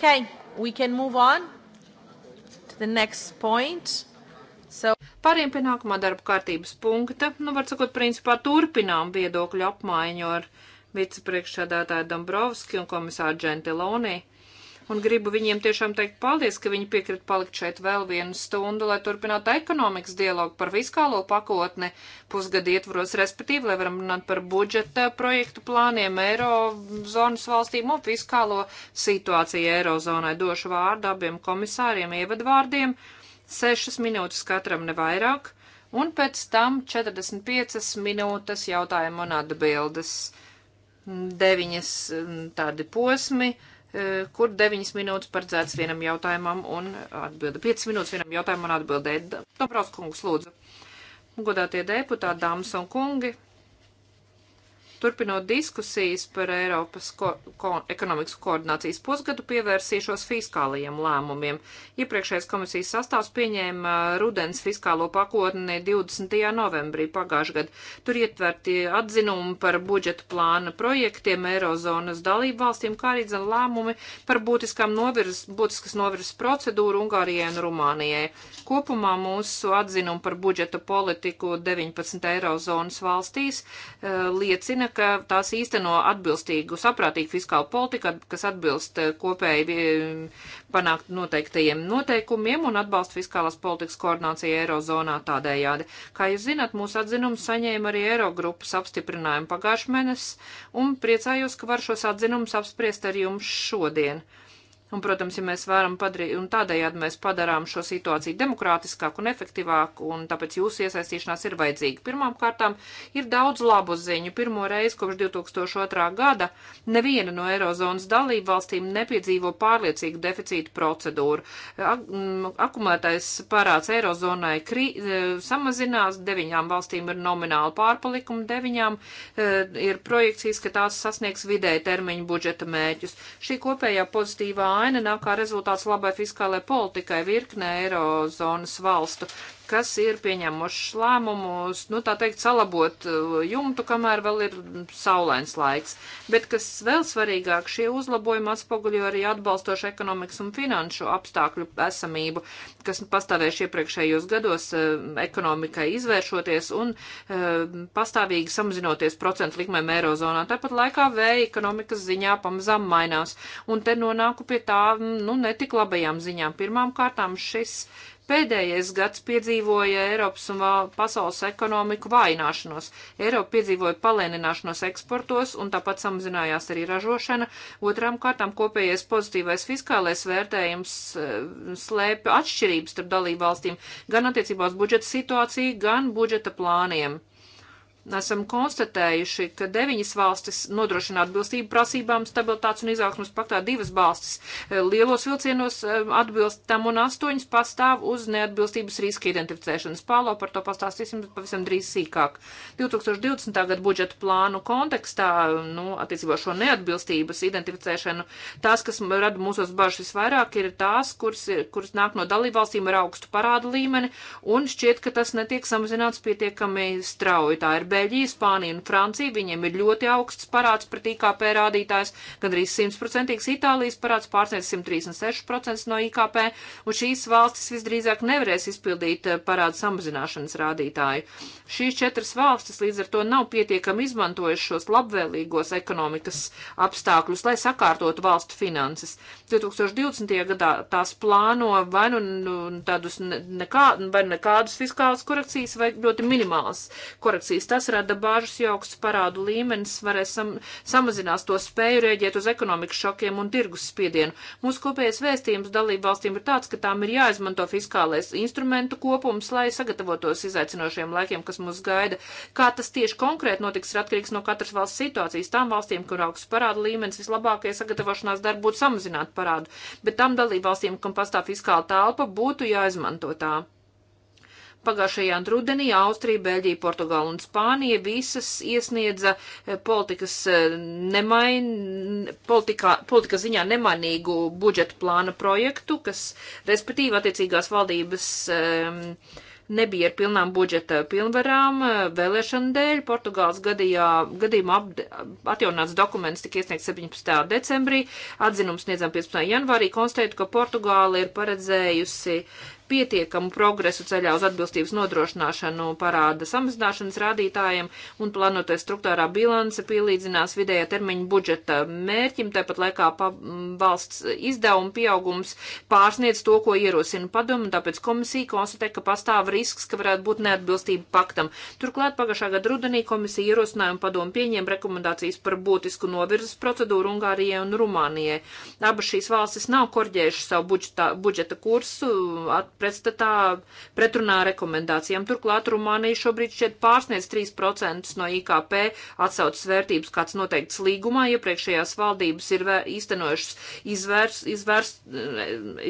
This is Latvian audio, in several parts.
Okay, we can move on to the next point. So... Pāriem pie nākamā darba kārtības punkta. Nu, var sakot, principā turpinām viedokļu apmaiņu ar vicepriekšsādātāju Dombrovski un komisāru Džentiloni. Uh, un gribu viņiem tiešām teikt paldies, ka viņi piekrit palikt šeit vēl vienu stundu, lai turpinātu ekonomikas dialogu par fiskālo pakotni pusgadu ietvaros, respektīvi, lai varam runāt par budžeta projektu plāniem Eirozonas valstīm un fiskālo situāciju Eirozonai. Došu vārdu abiem komisāriem ievadvārdiem, sešas minūtes katram nevairāk un pēc tam 45 minūtes jautājumu un atbildes. Deviņas mm, tādi posmi, Eh, kur 9 minūtes paredzēts vienam jautājumam un atbildi. 5 minūtes vienam jautājumam un atbildēt. Dobraus kungs, lūdzu. Godātie deputāti, dāmas un kungi, Turpinot diskusijas par Eiropas ko ko ekonomikas koordinācijas pusgadu, pievērsīšos fiskālajiem lēmumiem. Iepriekšējais komisijas sastāvs pieņēma rudens fiskālo pakotni 20. novembrī pagājušajā gadā. Tur ietverti atzinumi par budžeta plāna projektiem Eirozonas dalību valstīm, kā arī zin lēmumi par būtiskām novirs, būtiskas novirs procedūru Ungārijai un Rumānijai. Kopumā mūsu atzinumi par budžeta politiku 19 Eirozonas valstīs eh, liecina, nodrošina, ka tās īsteno atbilstīgu, saprātīgu fiskālu politiku, kas atbilst eh, kopēji panākt noteiktajiem noteikumiem un atbalsta fiskālās politikas koordināciju Eirozonā tādējādi. Kā jūs zināt, mūsu atzinums saņēma arī Eirogrupas apstiprinājumu pagājušajā mēnesī un priecājos, ka var šos atzinumus apspriest ar jums šodien. Un, protams, ja mēs varam padarīt, un tādējādi mēs padarām šo situāciju demokrātiskāku un efektīvāku, un tāpēc jūsu iesaistīšanās ir vajadzīga. Pirmām kārtām ir daudz labu ziņu. Pirmo reizi kopš 2002. gada neviena no Eirozonas dalību valstīm nepiedzīvo pārliecīgu deficītu procedūru. Ak mm, akumulētais parāds Eirozonai krī, e, samazinās, deviņām valstīm ir nomināli pārpalikumi, deviņām e, ir projekcijas, ka tās sasniegs vidēja termiņu budžeta mēķus. Šī kopējā pozitīvā aina nāk kā rezultāts labai fiskālai politikai virknē Eirozonas valstu kas ir pieņemušas lēmumus, nu tā teikt, salabot uh, jumtu, kamēr vēl ir saulains laiks. Bet kas vēl svarīgāk, šie uzlabojumi atspoguļo arī atbalstošu ekonomikas un finanšu apstākļu esamību, kas pastāvējuši iepriekšējos gados uh, ekonomikai izvēršoties un uh, pastāvīgi samazinoties procentu likmēm Eirozonā. Tāpat laikā vēja ekonomikas ziņā pamazām mainās. Un te nonāku pie tā, mm, nu, netik labajām ziņām. Pirmām kārtām šis Pēdējais gads piedzīvoja Eiropas un pasaules ekonomiku vājināšanos. Eiropa piedzīvoja palēnināšanos eksportos un tāpat samazinājās arī ražošana. Otrām kārtām kopējais pozitīvais fiskālais vērtējums eh, slēpj atšķirības starp dalību valstīm gan attiecībā uz budžeta situāciju, gan budžeta plāniem esam konstatējuši, ka deviņas valstis nodrošina atbilstību prasībām stabilitātes un izaugsmas paktā, divas valstis eh, lielos vilcienos eh, atbilst tam un astoņas pastāv uz neatbilstības riska identificēšanas. Pālo par to pastāstīsim pavisam drīz sīkāk. 2020. gada budžeta plānu kontekstā, nu, attiecībā šo neatbilstības identificēšanu, tās, kas rada mūsos bažas visvairāk, ir tās, kuras, kuras nāk no dalībvalstīm ar augstu parādu līmeni un šķiet, ka tas netiek samazināts pietiekami strauji. Tā ir B Beļģija, Spānija un Francija, viņiem ir ļoti augsts parāds pret IKP rādītājs, gandrīz 100% Itālijas parāds pārsniedz 136% no IKP, un šīs valstis visdrīzāk nevarēs izpildīt eh, parādu samazināšanas rādītāju. Šīs četras valstis līdz ar to nav pietiekami izmantojušas šos labvēlīgos ekonomikas apstākļus, lai sakārtotu valstu finanses. 2020. gadā tās plāno vai nu, nu tādus nekā, vai nu nekādus fiskālus korekcijas vai ļoti minimālas korekcijas. Tā Tas rada bāžas jauks parādu līmenis, varēs sam samazinās to spēju rēģēt uz ekonomikas šokiem un tirgus spiedienu. Mūsu kopējais vēstījums dalību valstīm ir tāds, ka tām ir jāizmanto fiskālais instrumentu kopums, lai sagatavotos izaicinošiem laikiem, kas mūs gaida. Kā tas tieši konkrēti notiks, ir atkarīgs no katras valsts situācijas. Tām valstīm, kur augsts parādu līmenis, vislabākie sagatavošanās darbi būtu samazināt parādu, bet tām dalību valstīm, kam pastāv fiskāla telpa, būtu jāizmanto tā. Pagājušajā rudenī Austrija, Beļģija, Portugāla un Spānija visas iesniedza eh, politikas, eh, nemain, politikā, politikas ziņā nemanīgu budžeta plāna projektu, kas respektīvi attiecīgās valdības. Um, nebija ar pilnām budžeta pilnvarām. Eh, Vēlēšana dēļ Portugāles gadījā, gadījumā apd, atjaunāts dokuments tika iesniegts 17. decembrī, atzinums sniedzam 15. janvārī, konstatētu, ka Portugāla ir paredzējusi uh, pietiekamu progresu ceļā uz atbilstības nodrošināšanu parāda samazināšanas rādītājiem un planotais struktūrā bilance pielīdzinās vidējā termiņa budžeta mērķim, tāpat laikā valsts izdevuma pieaugums pārsniedz to, ko ierosina padomu, tāpēc komisija konstatē, ka pastāv risks, ka varētu būt neatbilstība paktam. Turklāt pagājušā gada rudenī komisija ierosinājumu padomu pieņēma rekomendācijas par būtisku novirzes procedūru Ungārijai un Rumānijai. Abas šīs valstis nav korģējušas savu budžeta, budžeta kursu, at, pretstatā pretrunā rekomendācijām. Turklāt Rumānija šobrīd šķiet pārsniedz 3% no IKP atsaucas vērtības, kāds noteikts līgumā. Iepriekšējās valdības ir īstenojušas izvērs, izvērs,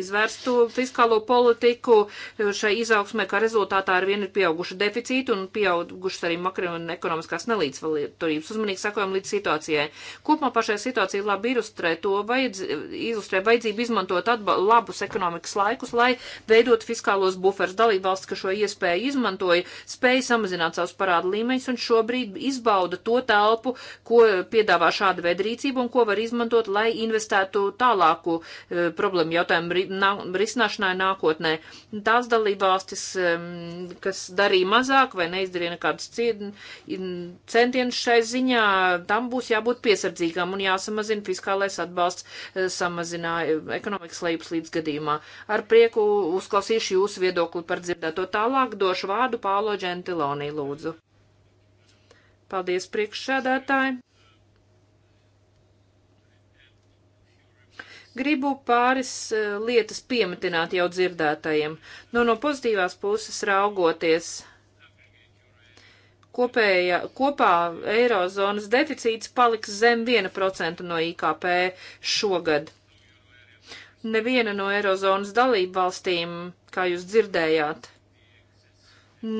izvērstu fiskālo politiku. Šai izaugsmē, kā rezultātā ar vienu ir pieauguši deficīti un pieaugušas arī makro un ekonomiskās nelīdzvalīturības. Uzmanīgi sakojam līdz situācijai. Kopumā pašai situācija labi ilustrē to, vajadz, ilustrē vajadzību izmantot atba, labus ekonomikas laikus, lai veidot izmantot fiskālos buferus. Dalībvalsts, ka šo iespēju izmantoja, spēja samazināt savus parādu līmeņus un šobrīd izbauda to telpu, ko piedāvā šāda veida rīcība un ko var izmantot, lai investētu tālāku e, problēmu jautājumu risināšanai nākotnē. Tās dalībvalstis, e, kas darīja mazāk vai neizdarīja nekādus centienus šai ziņā, tam būs jābūt piesardzīgām un jāsamazina fiskālais atbalsts, e, samazināja ekonomikas lejups līdz gadījumā. Ar prieku uzklausīt uzklausīšu jūsu viedokli par dzirdēto. Tālāk došu vārdu Pālo Džentilonī, lūdzu. Paldies, priekšsēdētāji! Gribu pāris eh, lietas piemetināt jau dzirdētajiem. No, nu, no pozitīvās puses raugoties, kopēja, kopā eirozonas deficīts paliks zem 1% no IKP šogad neviena no Eirozonas dalību valstīm, kā jūs dzirdējāt,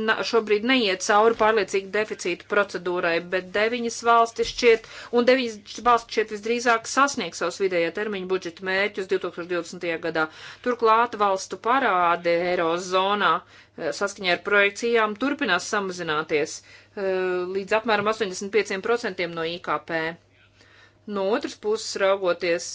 na, šobrīd neiet cauri pārliecīgi deficīta procedūrai, bet deviņas valstis šķiet, un deviņas valstis šķiet visdrīzāk sasniegs savus vidējā termiņa budžeta mērķus 2020. gadā. Turklāt valstu parādi Eirozonā eh, saskaņā ar projekcijām turpinās samazināties eh, līdz apmēram 85% no IKP. No otras puses raugoties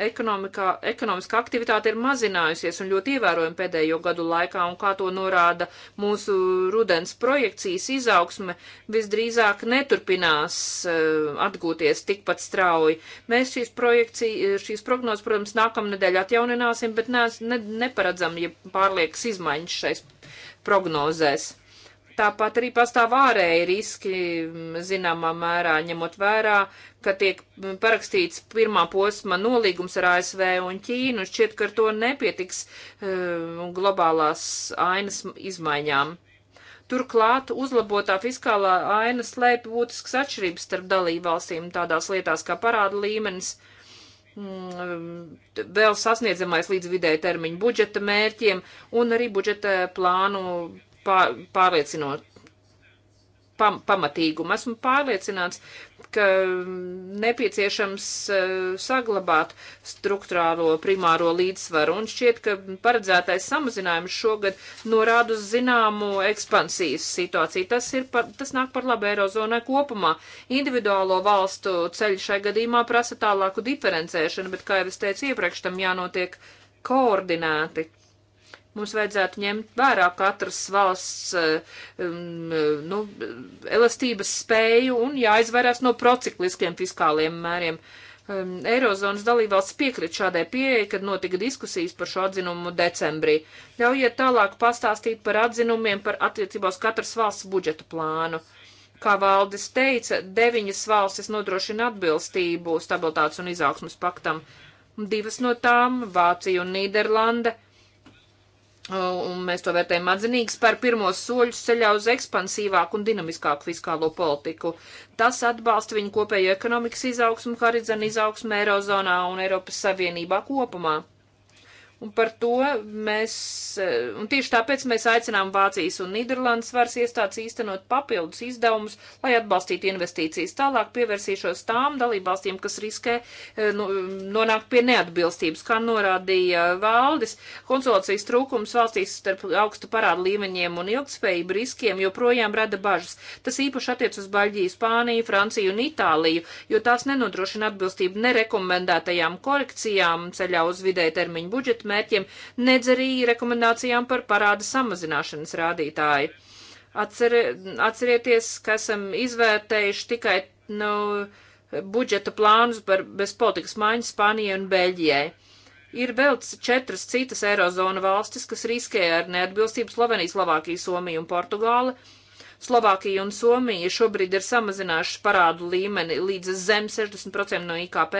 ekonomiskā aktivitāte ir mazinājusies un ļoti ievērojami pēdējo gadu laikā, un kā to norāda mūsu rudens projekcijas izaugsme, visdrīzāk neturpinās uh, atgūties tikpat strauji. Mēs šīs, šīs prognozes, protams, nākamnedēļ atjaunināsim, bet ne, ne, neparedzam, ja pārliekas izmaiņas šais prognozēs. Tāpat arī pastāv ārēji riski, mm, zināmā mērā, ņemot vērā, ka tiek mm, parakstīts pirmā posma nolīgums ar ASV un Ķīnu, un šķiet, ka ar to nepietiks uh, globālās ainas izmaiņām. Turklāt uzlabotā fiskālā aina slēpj būtisks atšķirības starp dalībvalstīm tādās lietās kā parāda līmenis, vēl sasniedzamais līdz vidēja termiņa budžeta mērķiem un arī budžeta plānu pārliecinot pam, pamatīgumu. Esmu pārliecināts, ka mm, nepieciešams uh, saglabāt struktūrālo primāro līdzsvaru, un šķiet, ka paredzētais samazinājums šogad norāda uz zināmu ekspansijas situāciju. Tas, ir par, tas nāk par labu Eirozonai kopumā. Individuālo valstu ceļu šai gadījumā prasa tālāku diferencēšanu, bet, kā jau es teicu iepriekš, tam jānotiek koordinēti mums vajadzētu ņemt vērā katras valsts eh, um, eh, nu, elastības spēju un jāizvairās no procikliskiem fiskāliem mēriem. Um, Eirozonas dalībvalsts piekrit šādai pieeja, kad notika diskusijas par šo atzinumu decembrī. Ļaujiet tālāk pastāstīt par atzinumiem par attiecībās katras valsts budžeta plānu. Kā valdis teica, deviņas valstis nodrošina atbilstību stabilitātes un izaugsmas paktam. Divas no tām - Vācija un Nīderlande Un mēs to vērtējam atzinīgs par pirmos soļus ceļā uz ekspansīvāku un dinamiskāku fiskālo politiku. Tas atbalsta viņu kopējo ekonomikas izaugsmu, kā arī zina izaugsmu Eirozonā un Eiropas Savienībā kopumā. Un par to mēs, eh, un tieši tāpēc mēs aicinām Vācijas un Nīderlandes varas iestādes īstenot papildus izdevumus, lai atbalstītu investīcijas. Tālāk pievērsīšos tām dalībvalstīm, kas riskē eh, nu, nonākt pie neatbilstības. Kā norādīja valdis, konsultācijas trūkums valstīs starp augstu parādu līmeņiem un ilgspējību riskiem joprojām rada bažas. Tas īpaši attiec uz Baļģiju, Spāniju, Franciju un Itāliju, jo tās nenodrošina atbilstību nerekomendētajām korekcijām ceļā uz vidē termiņu budžetu mērķiem, nedz arī rekomendācijām par parāda samazināšanas rādītāju. Atcer, atcerieties, ka esam izvērtējuši tikai nu, budžeta plānus par bez politikas maiņas Spānijai un Beļģijai. Ir vēl četras citas Eirozona valstis, kas riskē ar neatbilstību Sloveniju, Slovākiju, Somiju un Portugāli Slovākija un Somija šobrīd ir samazinājušas parādu līmeni līdz zem 60% no IKP,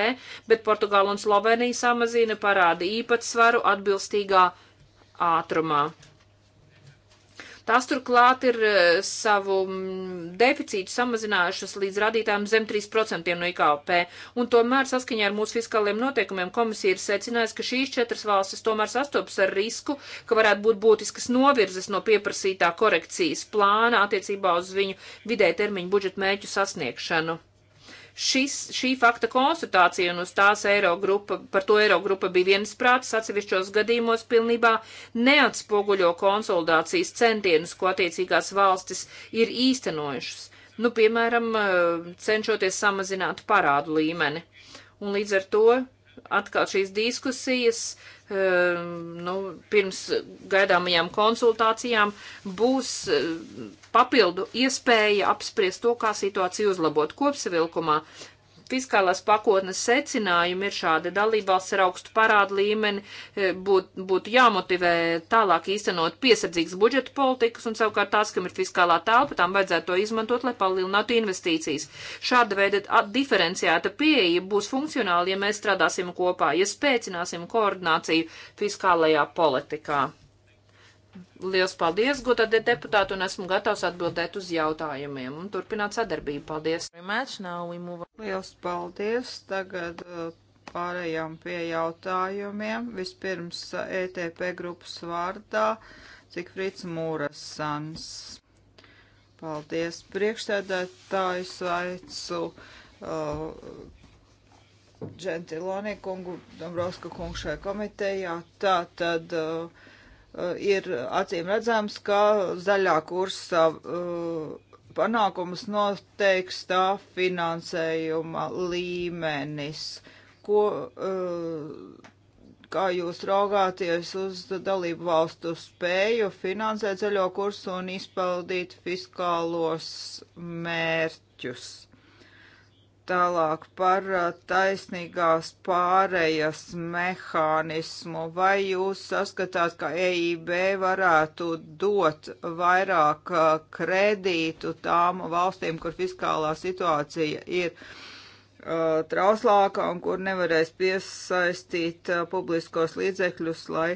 bet Portugāla un Slovenija samazina parādu īpatsvaru atbilstīgā ātrumā. Tās turklāt ir eh, savu mm, deficītu samazinājušas līdz radītājiem zem 3% no IKP, un tomēr saskaņā ar mūsu fiskāliem noteikumiem komisija ir secinājusi, ka šīs četras valstis tomēr sastopas ar risku, ka varētu būt būtiskas novirzes no pieprasītā korekcijas plāna attiecībā uz viņu vidē termiņu budžeta mēķu sasniegšanu šis, šī fakta konstatācija un uz tās Eirogrupa, par to Eirogrupa bija viensprātis atsevišķos gadījumos pilnībā neatspoguļo konsolidācijas centienus, ko attiecīgās valstis ir īstenojušas. Nu, piemēram, eh, cenšoties samazināt parādu līmeni. Un līdz ar to atkal šīs diskusijas, um, nu, pirms gaidāmajām konsultācijām būs uh, papildu iespēja apspriest to, kā situāciju uzlabot kopsavilkumā fiskālās pakotnes secinājumi ir šādi. Dalībvalsts ar augstu parādu līmeni eh, būt, būtu jāmotivē tālāk īstenot piesardzīgas budžeta politikas un savukārt tās, kam ir fiskālā telpa, tām vajadzētu to izmantot, lai palielinātu investīcijas. Šāda veida diferenciēta pieeja būs funkcionāla, ja mēs strādāsim kopā, ja spēcināsim koordināciju fiskālajā politikā. Liels paldies, godātie deputāti, un esmu gatavs atbildēt uz jautājumiem un turpināt sadarbību. Paldies! Liels paldies! Tagad uh, pārējām pie jautājumiem. Vispirms uh, ETP grupas vārdā Cikfrīds Mūrasans. Paldies! Priekšsēdētājs aicu. Uh, Džentilonī kungu, Dombrovska kungu šajā komitejā. Tā tad uh, Eh, ir acīm redzams, ka zaļā kursa eh, panākumus noteiks tā finansējuma līmenis, ko, eh, kā jūs raugāties uz dalību valstu spēju finansēt zaļo kursu un izpildīt fiskālos mērķus. Tālāk par uh, taisnīgās pārējas mehānismu. Vai jūs saskatāt, ka EIB varētu dot vairāk uh, kredītu tām valstīm, kur fiskālā situācija ir uh, trauslāka un kur nevarēs piesaistīt uh, publiskos līdzekļus, lai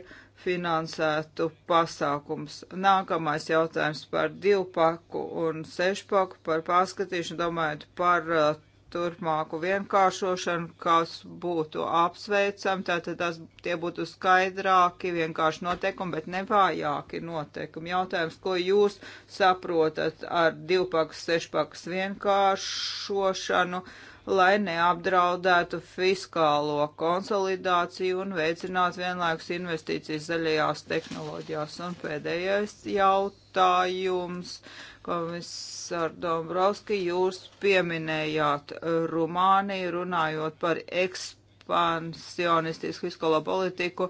finansētu pasākums. Nākamais jautājums par divpaku un sešpaku, par pārskatīšanu, domājot par uh, turpmāku vienkāršošanu, kas būtu apsveicam, tātad tas, tie būtu skaidrāki, vienkārši noteikumi, bet ne vājāki noteikumi. Jautājums, ko jūs saprotat ar divpakas, sešpakas vienkāršošanu, lai neapdraudētu fiskālo konsolidāciju un veicinātu vienlaikus investīcijas zaļajās tehnoloģijās. Un pēdējais jautājums Komisār Dombrovski, jūs pieminējāt Rumāniju, runājot par ekspansionistisku fiskolo politiku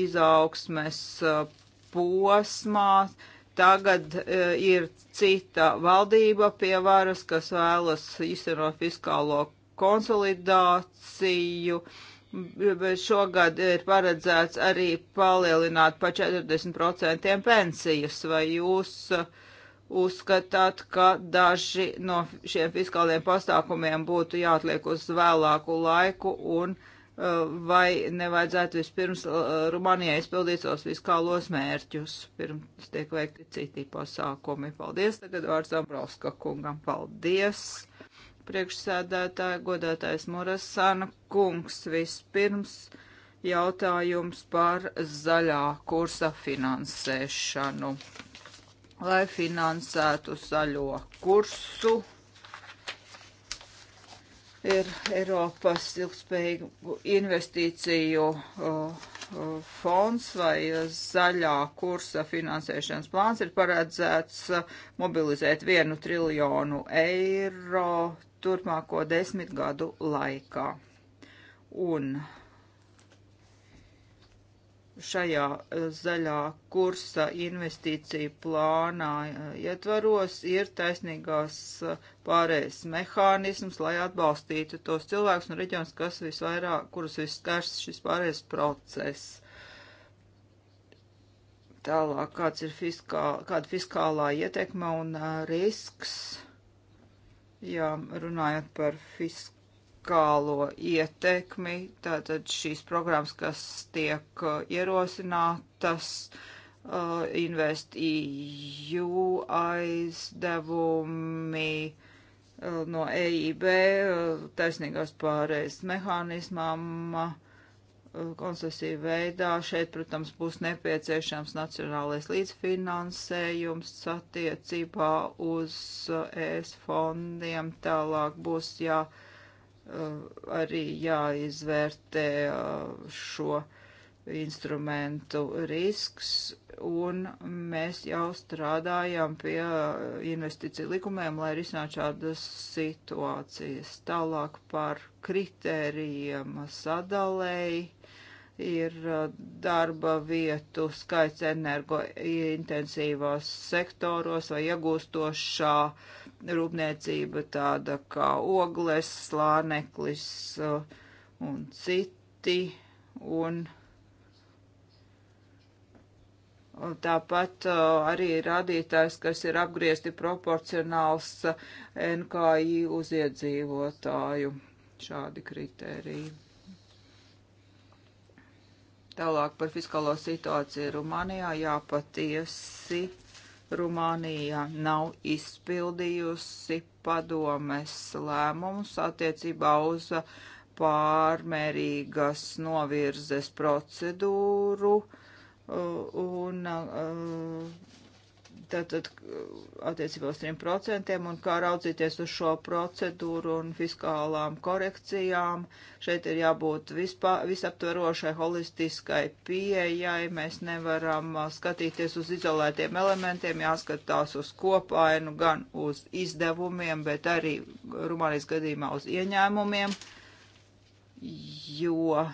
izaugsmes posmā. Tagad ir cita valdība pie varas, kas vēlas izsverot fiskālo konsolidāciju. Šogad ir paredzēts arī palielināt pa 40% pensijas, vai jūs uh, uzskatāt, ka daži no šiem fiskāliem pasākumiem būtu jāatliek uz vēlāku laiku un uh, vai nevajadzētu vispirms uh, Rumānijai izpildīt savus fiskālos mērķus, pirms tiek veikti citi pasākumi. Paldies, tagad vārds Ambrauska kungam. Paldies! Priekšsēdētāja godātais Murasana kungs vispirms jautājums par zaļā kursa finansēšanu lai finansētu zaļo kursu. Ir Eiropas ilgspējīgu investīciju uh, uh fonds vai uh, zaļā kursa finansēšanas plāns ir paredzēts uh, mobilizēt vienu triljonu eiro turpmāko desmit gadu laikā. Un šajā eh, zaļā kursa investīciju plānā eh, ietvaros ir taisnīgās eh, pārējais mehānisms, lai atbalstītu tos cilvēkus un reģionus, kas visvairāk, kurus visskars šis pārējais process. Tālāk, kāds ir fiskāl, kāda fiskālā ietekme un risks, jā, runājot par fiskālu fiskālo ietekmi, tātad šīs programmas, kas tiek uh, ierosinātas, uh, investīju e aizdevumi uh, no EIB, uh, taisnīgās pārējais mehānismām, uh, koncesiju veidā. Šeit, protams, būs nepieciešams nacionālais līdzfinansējums attiecībā uz uh, ES fondiem. Tālāk būs jā. Ja Uh, arī jāizvērtē uh, šo instrumentu risks, un mēs jau strādājam pie uh, investīciju likumiem, lai risinātu šādas situācijas. Tālāk par kritērijiem sadalēji ir darba vietu skaits energointensīvos sektoros vai iegūstošā uh, rūpniecība tāda kā ogles, slāneklis uh, un citi. Un Tāpat uh, arī rādītājs, kas ir apgriezti proporcionāls uh, NKI uz iedzīvotāju. Šādi kriteriji. Tālāk par fiskālo situāciju Rumānijā jāpatiesi. Ja Rumānija nav izpildījusi padomes lēmumus attiecībā uz pārmērīgas novirzes procedūru uh, un uh, tātad attiecībā uz 3% un kā raudzīties uz šo procedūru un fiskālām korekcijām. Šeit ir jābūt vispā, visaptverošai, holistiskai pieejai. Mēs nevaram uh, skatīties uz izolētiem elementiem, jāskatās uz kopainu, gan uz izdevumiem, bet arī Rumānijas gadījumā uz ieņēmumiem, jo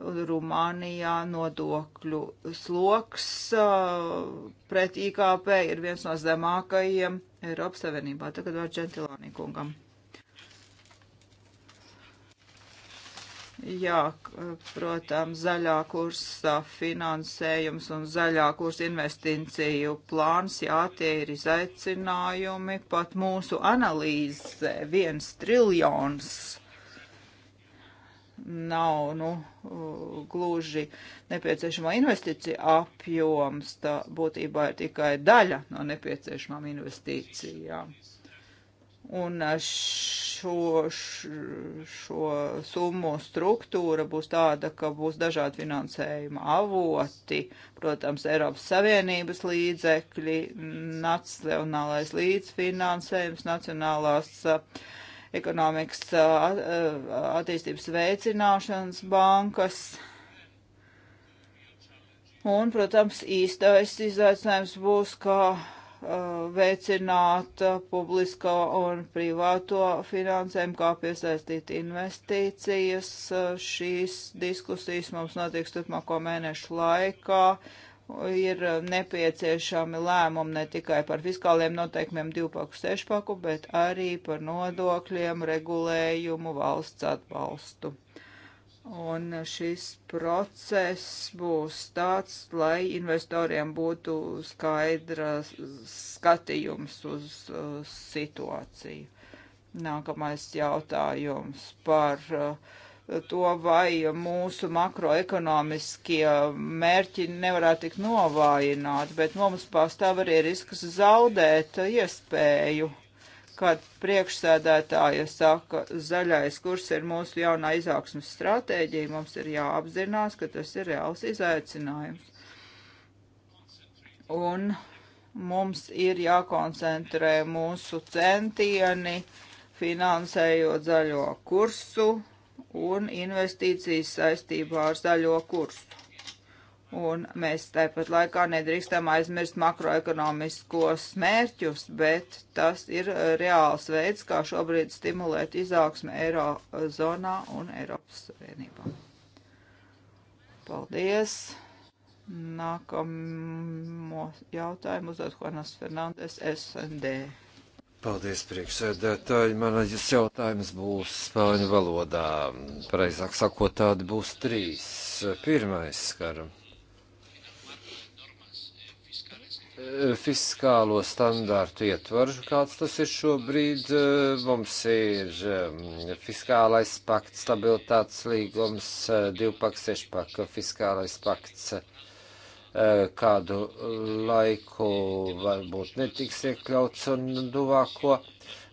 Rumānijā nodokļu sloks uh, pret IKP ir viens no zemākajiem Eiropas Savienībā. Tagad vārds Džentilānī kungam. Jā, protams, zaļā kursa finansējums un zaļā kursa investīciju plāns, jā, tie ir izaicinājumi. Pat mūsu analīze viens triljons nav nu, gluži nepieciešamo investīciju apjoms, tā būtībā ir tikai daļa no nepieciešamām investīcijām. Un šo, šo summu struktūra būs tāda, ka būs dažādi finansējuma avoti, protams, Eiropas Savienības līdzekļi, nacionālais līdzfinansējums, nacionālās uh, ekonomikas uh, uh, attīstības veicināšanas bankas. Un, protams, īstais izaicinājums būs, kā uh, veicināt publisko un privāto finansējumu, kā piesaistīt investīcijas. Šīs diskusijas mums notiks turpmāko mēnešu laikā ir eh, nepieciešami lēmumi ne tikai par fiskāliem noteikumiem divpaku sešpaku, bet arī par nodokļiem, regulējumu, valsts atbalstu. Un šis process būs tāds, lai investoriem būtu skaidrs skatījums uz uh, situāciju. Nākamais jautājums par uh, to, vai mūsu makroekonomiskie mērķi nevarētu tik novājināt, bet mums pastāv arī risks zaudēt iespēju, kad priekšsēdētāja saka, zaļais kurs ir mūsu jaunā izaugsmas stratēģija, mums ir jāapzinās, ka tas ir reāls izaicinājums. Un mums ir jākoncentrē mūsu centieni, finansējot zaļo kursu, un investīcijas saistībā ar zaļo kursu. Un mēs tāpat laikā nedrīkstam aizmirst makroekonomiskos mērķus, bet tas ir eh, reāls veids, kā šobrīd stimulēt izaugsmi Eirozonā un Eiropas Savienībā. Paldies! Nākamo jautājumu uzdod Juanas Fernandes SND. Paldies, priekšsēdētāji. Manas jautājums būs spāņu valodā. Pareizāk sakot, tādi būs trīs. Pirmais skar fiskālo standārtu ietvaru, kāds tas ir šobrīd. Mums ir um, fiskālais pakts, stabilitātes līgums, divpaks, sešpaka, fiskālais pakts Eh, kādu laiku varbūt netiks iekļauts un tuvāko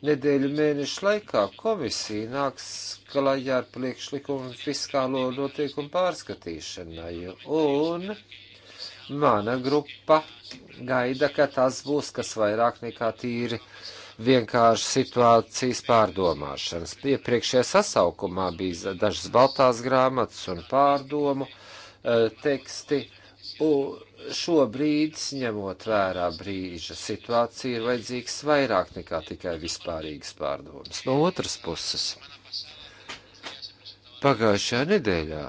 nedēļu mēnešu laikā komisija nāks klajā ar priekšlikumu fiskālo noteikumu pārskatīšanai. Un mana grupa gaida, ka tas būs kas vairāk nekā tīri vienkārši situācijas pārdomāšanas. Iepriekšējā sasaukumā bija dažas baltās grāmatas un pārdomu eh, teksti Un šobrīd, ņemot vērā brīža situāciju, ir vajadzīgs vairāk nekā tikai vispārīgas pārdomas. No otras puses, pagājušajā nedēļā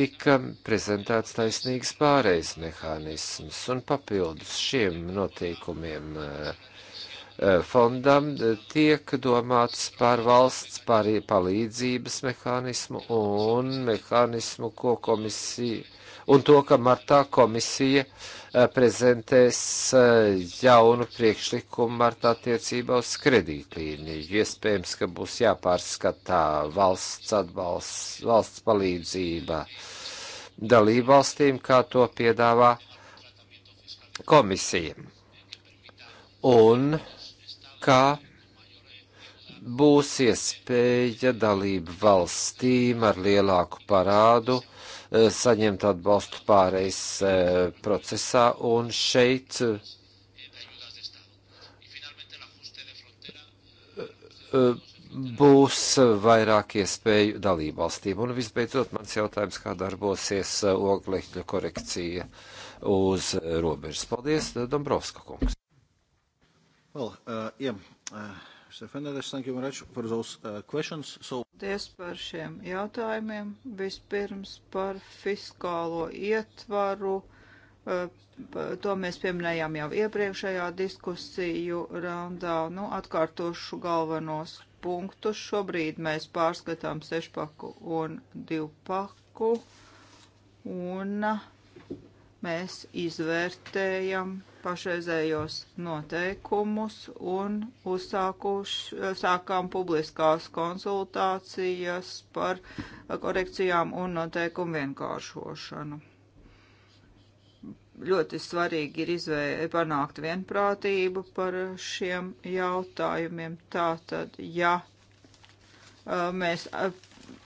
tika prezentēts taisnīgs pārejas mehānisms un papildus šiem noteikumiem eh, eh, fondam tiek domāts par valsts par palīdzības mehānismu un mehānismu, ko komisija un to, ka martā komisija eh, prezentēs eh, jaunu priekšlikumu martā attiecībā uz kredītlīniju. Iespējams, ka būs jāpārskatā valsts atbalsts, valsts palīdzība dalībvalstīm, kā to piedāvā komisija. Un kā būs iespēja dalību valstīm ar lielāku parādu uh, Eh, saņemt atbalstu pārejas eh, procesā, un šeit eh, būs vairāk iespēju dalībvalstīm. Un visbeidzot, mans jautājums, kā darbosies oglekļa korekcija uz robežas. Paldies, Dombrovska kungs. Well, uh, yeah, uh... Stefanēdes, thank you very much for those uh, questions. So... Paldies par šiem jautājumiem. Vispirms par fiskālo ietvaru. Uh, to mēs pieminējām jau iepriekšējā diskusiju raundā. Nu, atkārtošu galvenos punktus. Šobrīd mēs pārskatām sešpaku un divpaku. Un mēs izvērtējam pašreizējos noteikumus un uzsākām publiskās konsultācijas par korekcijām un noteikumu vienkāršošanu. Ļoti svarīgi ir izvē, panākt vienprātību par šiem jautājumiem. Tātad, ja mēs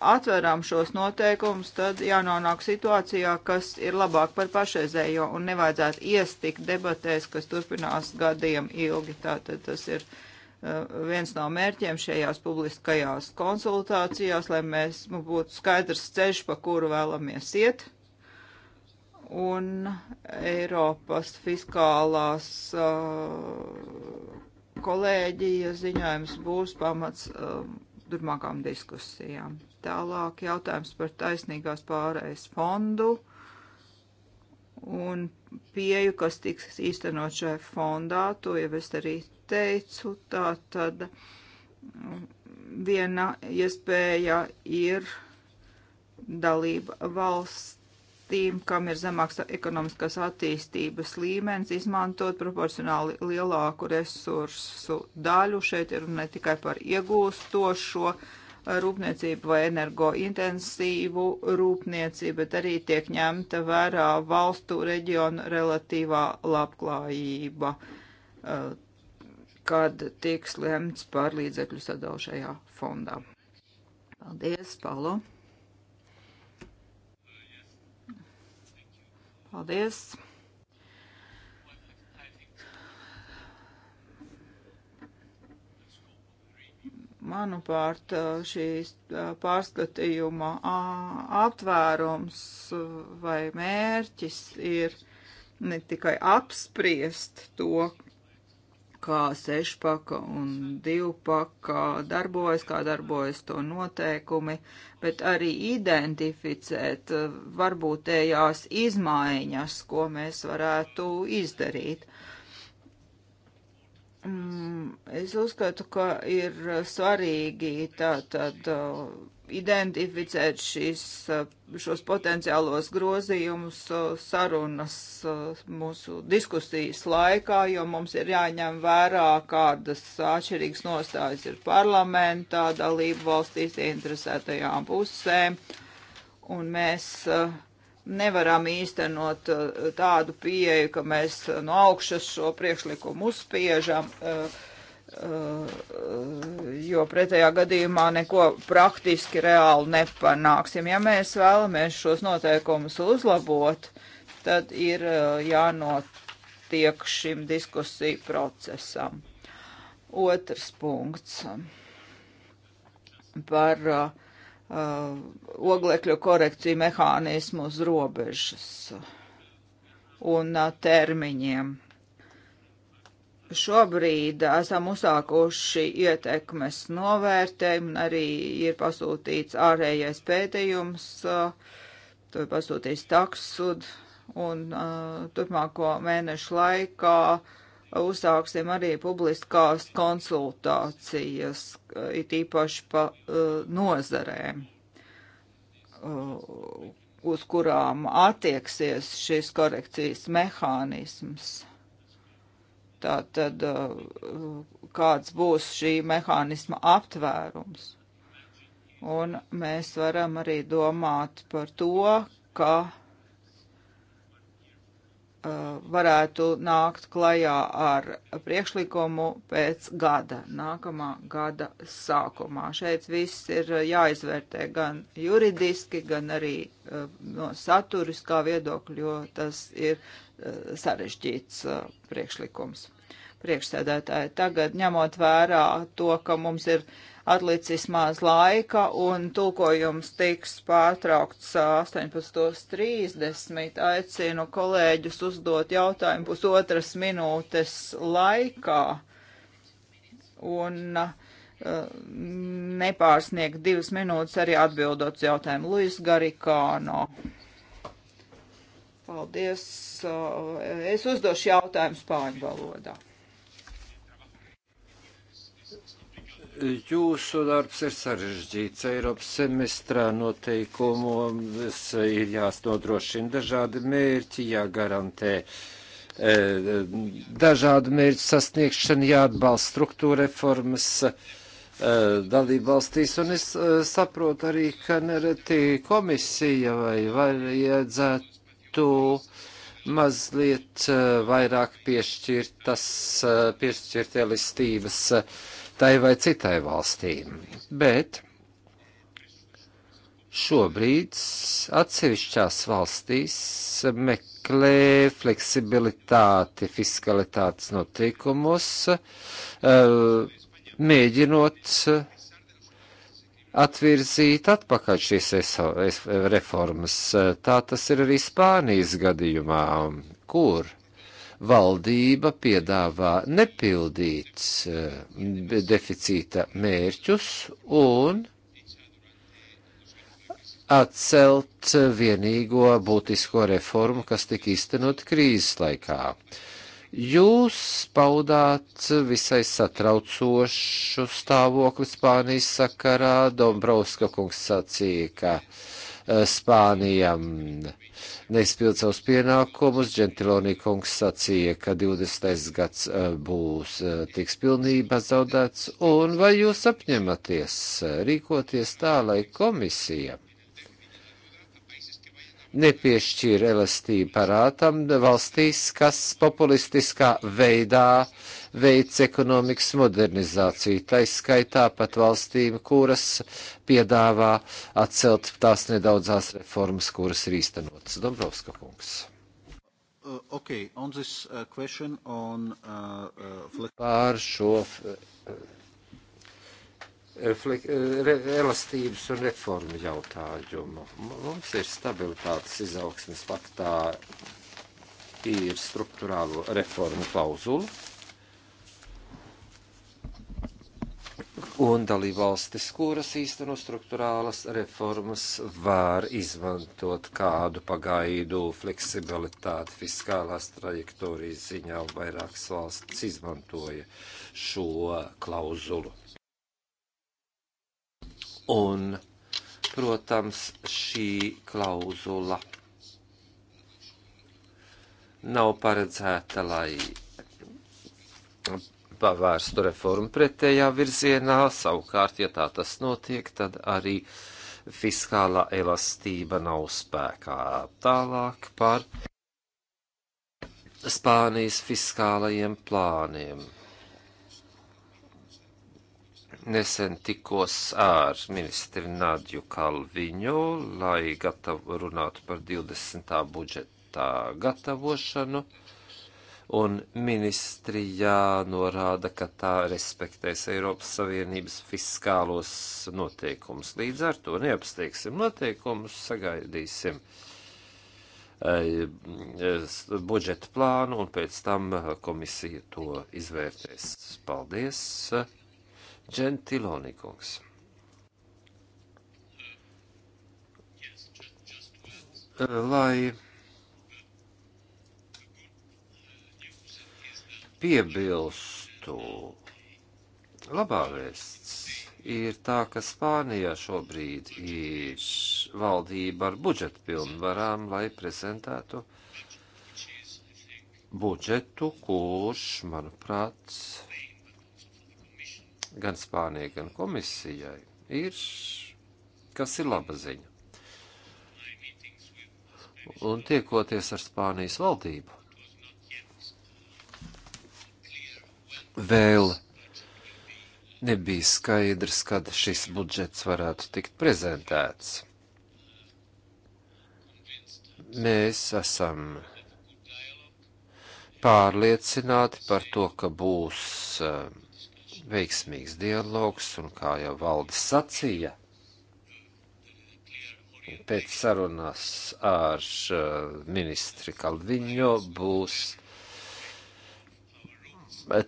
atveram šos noteikumus, tad jānonāk situācijā, kas ir labāk par pašreizējo un nevajadzētu iestikt debatēs, kas turpinās gadiem ilgi. Tātad tas ir uh, viens no mērķiem šajās publiskajās konsultācijās, lai mēs nu, būtu skaidrs ceļš, pa kuru vēlamies iet. Un Eiropas fiskālās uh, kolēģija ziņojums būs pamats uh, turpmākām diskusijām. Tālāk jautājums par taisnīgās pārējas fondu un pieju, kas tiks īstenot šajā fondā, to jau es arī teicu, tā tad mm, viena iespēja ir dalība valstīm, kam ir zemāks ekonomiskās attīstības līmenis, izmantot proporcionāli lielāku resursu daļu. Šeit ir ne tikai par iegūstošo, uh, rūpniecību vai energointensīvu rūpniecību, bet arī tiek ņemta vērā valstu reģionu relatīvā labklājība, eh, kad tiks lemts par līdzekļu sadalu šajā fondā. Paldies, Paulo! Paldies! manuprāt, šīs pārskatījuma aptvērums vai mērķis ir ne tikai apspriest to, kā sešpaka un divpaka darbojas, kā darbojas to noteikumi, bet arī identificēt varbūtējās izmaiņas, ko mēs varētu izdarīt. Mm, es uzskatu, ka ir uh, svarīgi tātad uh, identificēt šis, uh, šos potenciālos grozījumus sarunas mūsu diskusijas laikā, jo mums ir jāņem vērā, kādas atšķirīgas nostājas ir parlamentā, dalību valstīs interesētajām pusēm. Un mēs uh, nevaram īstenot uh, tādu pieeju, ka mēs uh, no augšas šo priekšlikumu uzspiežam, uh, jo pretējā gadījumā neko praktiski reāli nepanāksim. Ja mēs vēlamies šos noteikumus uzlabot, tad ir jānotiek šim diskusiju procesam. Otrs punkts par uh, uh, oglekļu korekciju mehānismu uz robežas un uh, termiņiem. Šobrīd uh, esam uzsākuši ietekmes novērtējumu un arī ir pasūtīts ārējais pētījums, uh, to ir pasūtījis taksud un uh, turpmāko mēnešu laikā uh, uzsāksim arī publiskās konsultācijas, eh, it īpaši pa uh, eh, nozarēm, uh, eh, uz kurām attieksies šis korekcijas mehānisms. Tātad, uh, kāds būs šī mehānisma aptvērums. Un mēs varam arī domāt par to, ka Uh, varētu nākt klajā ar priekšlikumu pēc gada, nākamā gada sākumā. Šeit viss ir uh, jāizvērtē gan juridiski, gan arī uh, no saturiskā viedokļa, jo tas ir sarežģīts priekšlikums. Priekšsēdētāji, tagad ņemot vērā to, ka mums ir uh, atlicis maz laika un tulkojums tiks pārtraukts 18.30. Aicinu kolēģus uzdot jautājumu pusotras minūtes laikā un nepārsniegt divas minūtes arī atbildot uz jautājumu. Luis Garikāno. Paldies. Es uzdošu jautājumu spāņu valodā. jūsu darbs ir sarežģīts. Eiropas semestrā noteikumos ir jāsnodrošina dažādi mērķi, jāgarantē e, dažādu mērķu sasniegšana, jāatbalsta struktūra reformas e, dalību valstīs, un es e, saprotu arī, ka nereti komisija vai vajadzētu mazliet vairāk piešķirt tas, piešķirt elastības uh, tai vai citai valstīm. Bet šobrīd atsevišķās valstīs meklē fleksibilitāti fiskalitātes notiekumus, eh, mēģinot atvirzīt atpakaļ šīs reformas. Tā tas ir arī Spānijas gadījumā, kur valdība piedāvā nepildīt eh, deficīta mērķus un atcelt vienīgo būtisko reformu, kas tika iztenot krīzes laikā. Jūs paudāt visai satraucošu stāvokli Spānijas sakarā. Dombrovska kungs sacīja, ka eh, Spānijam uh, neizpild savus pienākumus. Džentilonī kungs sacīja, ka 20. gads eh, būs eh, tiks pilnībā zaudēts, un vai jūs apņematies eh, rīkoties tā, lai komisija nepiešķīra elastību parātam valstīs, kas populistiskā veidā uh, veids ekonomikas modernizāciju, tā izskaitā pat valstīm, kuras piedāvā atcelt tās nedaudzās reformas, kuras ir īstenotas. Dombrovska kungs. Uh, okay, on this uh, question on uh, uh, Pār šo uh, uh, uh, elastības un reformu jautājumu. Mums ir stabilitātes izaugsmes faktā ir struktūrālo reformu klauzulu un dalībvalstis, kuras īsteno struktūrālas reformas, var izmantot kādu pagaidu fleksibilitāti fiskālās trajektorijas ziņā, un vairākas valstis izmantoja šo klauzulu. Un, protams, šī klauzula nav paredzēta, lai pavērstu reformu pretējā virzienā, savukārt, ja tā tas notiek, tad arī fiskālā elastība nav spēkā. Tālāk par Spānijas fiskālajiem plāniem. Nesen tikos ar ministri Nadju Kalviņu, lai gatavu runātu par 20. budžetā gatavošanu un ministrijā norāda, ka tā respektēs Eiropas Savienības fiskālos noteikumus. Līdz ar to neapsteigsim noteikumus, sagaidīsim eh, budžeta plānu un pēc tam komisija to izvērtēs. Paldies, Gentilonikungs! Lai piebilstu. Labā vēsts ir tā, ka Spānijā šobrīd ir valdība ar budžetu pilnvarām, lai prezentētu budžetu, kurš, manuprāt, gan Spānijai, gan komisijai ir, kas ir laba ziņa. Un tiekoties ar Spānijas valdību, vēl nebija skaidrs, kad šis budžets varētu tikt prezentēts. Mēs esam pārliecināti par to, ka būs eh, veiksmīgs dialogs un, kā jau valdes sacīja, pēc sarunās ar eh, ministri Kalviņo būs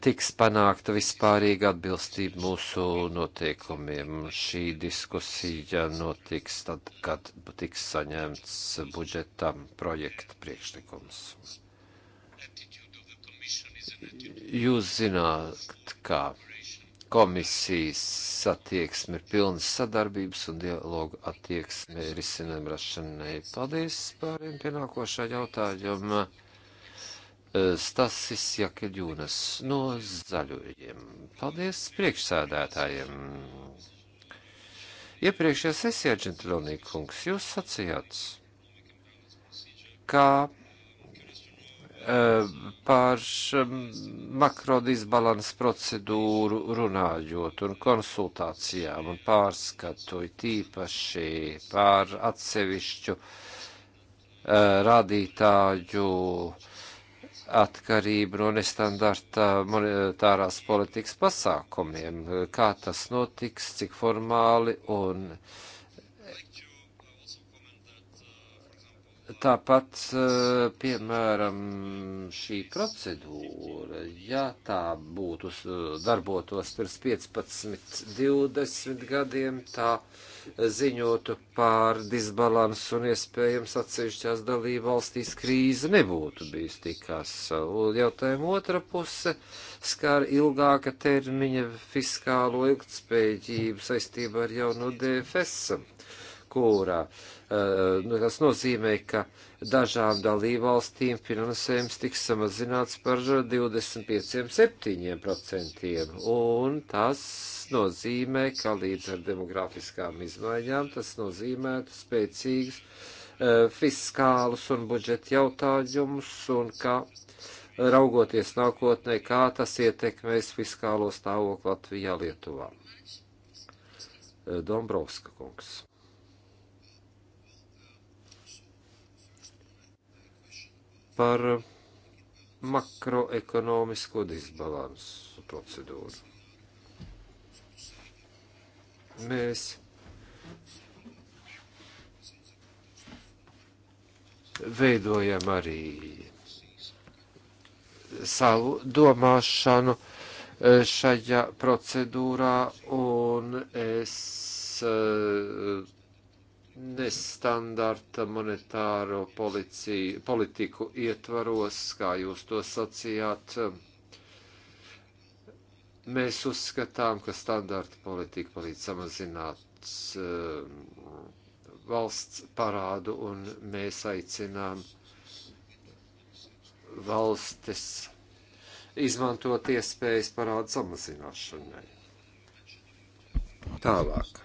tiks panākta vispārīga atbilstība mūsu noteikumiem. Šī diskusija notiks tad, kad tiks saņemts budžetam projekta priekšlikums. Jūs zināt, kā komisijas attieksme ir pilnas sadarbības un dialogu attieksme risinājumu rašanai. Paldies pāriem pienākošā jautājuma. Stasis Jakaļūnas no zaļojiem. Paldies priekšsēdētājiem! Iepriekšējā sesijā, džentlonī kungs, jūs sacījāt, ka eh, par makro disbalansu procedūru runājot un konsultācijām un pārskatu tīpaši par atsevišķu uh, rādītāju uh, atkarību no nestandarta monetārās politikas pasākumiem, kā tas notiks, cik formāli un tāpat, piemēram, šī procedūra, ja tā būtu darbotos pirms 15, 20 gadiem, tā ziņotu pār disbalansu un iespējams atsevišķās dalību valstīs krīze nebūtu bijis tikās. Jautājuma otra puse skar ilgāka termiņa fiskālo ilgtspējību saistībā ar jauno DFS kurā, kas eh, nu, nozīmē, ka dažām dalībvalstīm finansējums tiks samazināts par 25,7%, un tas nozīmē, ka līdz ar demografiskām izmaiņām tas nozīmētu spēcīgus eh, fiskālus un budžeta jautājumus, un ka raugoties nākotnē, kā tas ietekmēs fiskālo stāvokli Latvijā, Lietuvā. Eh, Dombrovska kungs. par makroekonomisko disbalansu procedūru. Mēs veidojam arī savu domāšanu e, šajā procedūrā, un es e, nestandarta monetāro policiju, politiku ietvaros, kā jūs to sacījāt. Mēs uzskatām, ka standarta politika palīdz samazināt uh, valsts parādu, un mēs aicinām valstis izmantot iespējas parādu samazināšanai. Tālāk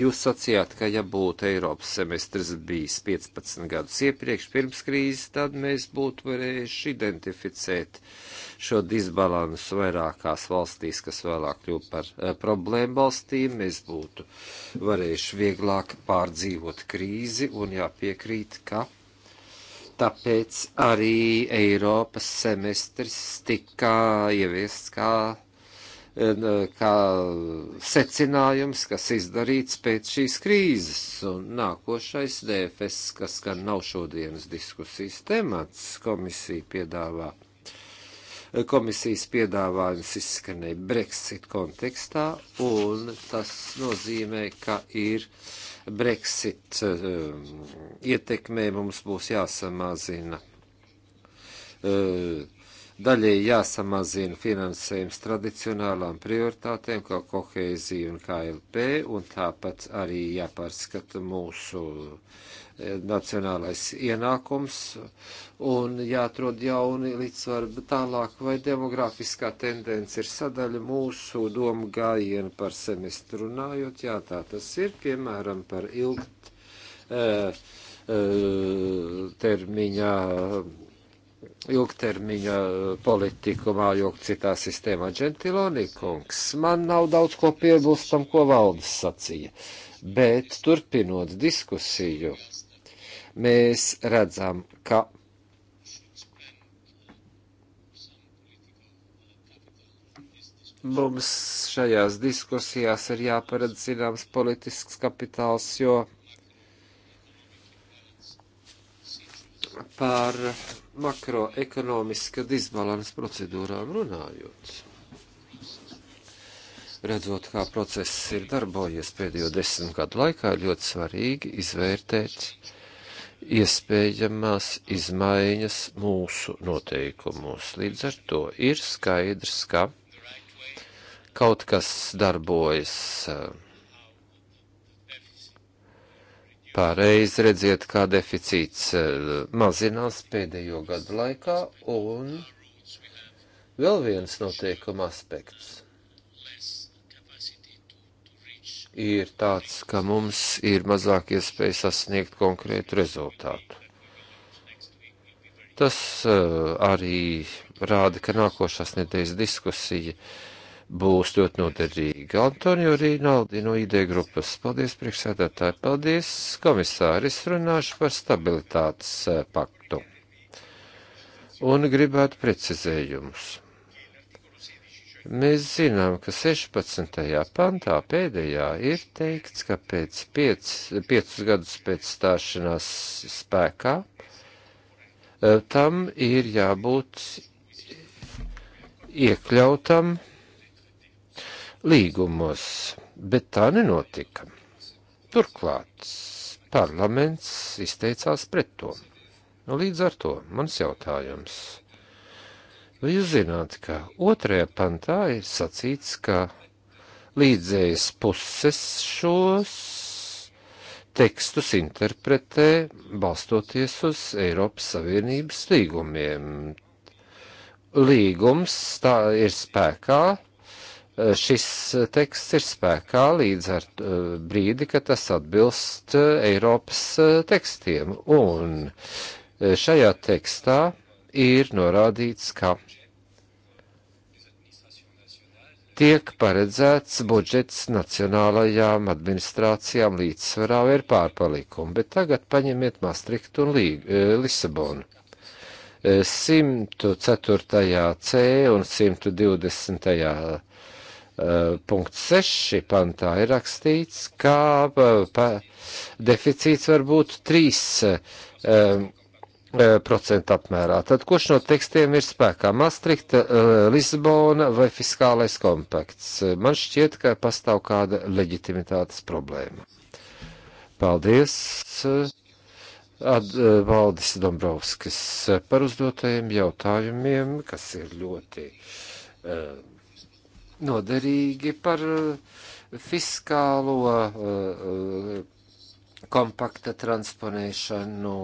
Jūs sacījāt, ka ja būtu Eiropas semestris bijis 15 gadus iepriekš pirms krīzes, tad mēs būtu varējuši identificēt šo disbalansu vairākās valstīs, kas vēlāk kļūst par uh, problēmu valstīm. Mēs būtu varējuši vieglāk pārdzīvot krīzi un jāpiekrīt, ka tāpēc arī Eiropas semestris tika ieviests kā kā secinājums, kas izdarīts pēc šīs krīzes. Un nākošais DFS, kas gan nav šodienas diskusijas temats, komisija piedāvā. Komisijas piedāvājums izskanēja Brexit kontekstā, un tas nozīmē, ka ir Brexit um, ietekmē mums būs jāsamazina uh, daļēji jāsamazina finansējums tradicionālām prioritātēm, kā kohēzija un KLP, un tāpat arī jāpārskata mūsu e, nacionālais ienākums un jāatrod jauni līdzsvaru tālāk, vai demografiskā tendence ir sadaļa mūsu domu gājienu par semestru runājot. Jā, tā tas ir, piemēram, par ilgt. Uh, termiņā ilgtermiņa eh, politiku mājokļu citā sistēmā. Džentilonī kungs, man nav daudz ko piebilst tam, ko valdes sacīja, bet turpinot diskusiju, mēs redzam, ka mums šajās diskusijās ir jāparedz zināms politisks kapitāls, jo par makroekonomiska disbalansa procedūrām runājot. Redzot, kā process ir darbojies pēdējo desmit gadu laikā, ļoti svarīgi izvērtēt iespējamās izmaiņas mūsu noteikumos. Līdz ar to ir skaidrs, ka kaut kas darbojas uh, pareizi redziet, kā deficīts eh, mazinās pēdējo gadu laikā, un vēl viens notiekuma aspekts ir tāds, ka mums ir mazāk iespēja sasniegt konkrētu rezultātu. Tas uh, arī rāda, ka nākošās nedēļas diskusija uh, būs ļoti noderīgi. Antonio Rīnaldi no ID grupas. Paldies, priekšsēdētāji. Paldies, komisāris. Runāšu par stabilitātes eh, paktu. Un gribētu precizējumus. Mēs zinām, ka 16. pantā pēdējā ir teikts, ka pēc 5, 5 gadus pēc stāšanās spēkā eh, tam ir jābūt iekļautam līgumos, bet tā nenotika. Turklāt parlaments izteicās pret to. Nu, līdz ar to mans jautājums. Vai jūs zināt, ka otrajā pantā ir sacīts, ka līdzējas puses šos tekstus interpretē balstoties uz Eiropas Savienības līgumiem. Līgums tā ir spēkā šis teksts ir spēkā līdz ar eh, brīdi, ka tas atbilst eh, Eiropas eh, tekstiem. Un šajā tekstā ir norādīts, ka tiek paredzēts budžets nacionālajām administrācijām līdzsvarā vai ir pārpalikumi, bet tagad paņemiet Maastrichtu un Līg Lisabonu. 104. C un 120. Eh, punkts 6 pantā ir rakstīts, ka eh, pa, deficīts var būt 3 um, eh, procentu apmērā. Tad kurš no tekstiem ir spēkā? Maastrichta, Lisbona vai fiskālais kompakts? Man šķiet, ka pastāv kāda leģitimitātes problēma. Paldies, Valdis Dombrovskis, par uzdotajiem jautājumiem, kas ir ļoti. Uh, um, noderīgi par eh, fiskālo eh, eh, kompakta transponēšanu.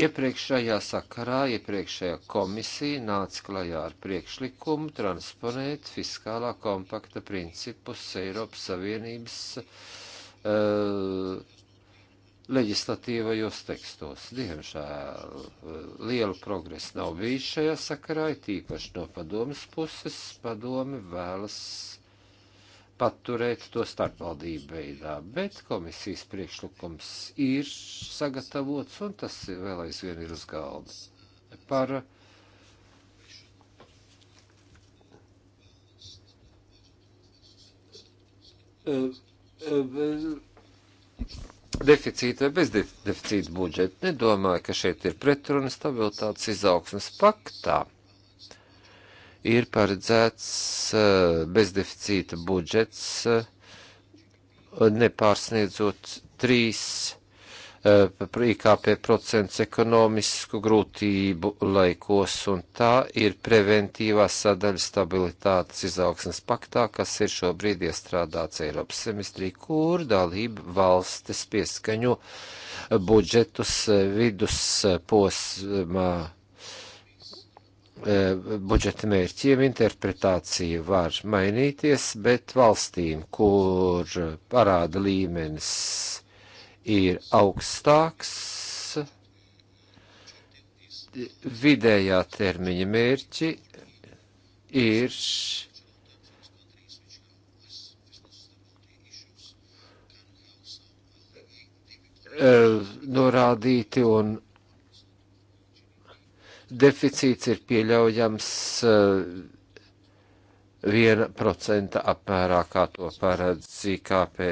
Iepriekšējā sakarā, iepriekšējā komisija nāca klajā ar priekšlikumu transponēt fiskālā kompakta principus Eiropas Savienības uh, leģislatīvajos tekstos. Diemžēl eh, lielu progresu nav bijis šajā sakarā, tīpaši no padomas puses. Padomi vēlas paturēt to starpvaldību veidā, bet komisijas priekšlikums ir sagatavots un tas vēl aizvien ir uz galda. Par Uh, uh, uh deficīta vai bez deficīta budžeta. Nedomāju, ka šeit ir pretruna stabilitātes izaugsmas paktā. Ir paredzēts eh, bezdeficīta budžets eh, nepārsniedzot 3 Eh, IKP procents ekonomisku grūtību laikos, un tā ir preventīvā sadaļa stabilitātes izaugsmes paktā, kas ir šobrīd iestrādāts Eiropas semestrī, kur dalība valstis pieskaņo budžetus vidus posmā eh, budžeta mērķiem interpretācija var mainīties, bet valstīm, kur parāda līmenis ir augstāks. Vidējā termiņa mērķi ir norādīti un deficīts ir pieļaujams eh, viena procenta apmērā, kā to paredz IKP.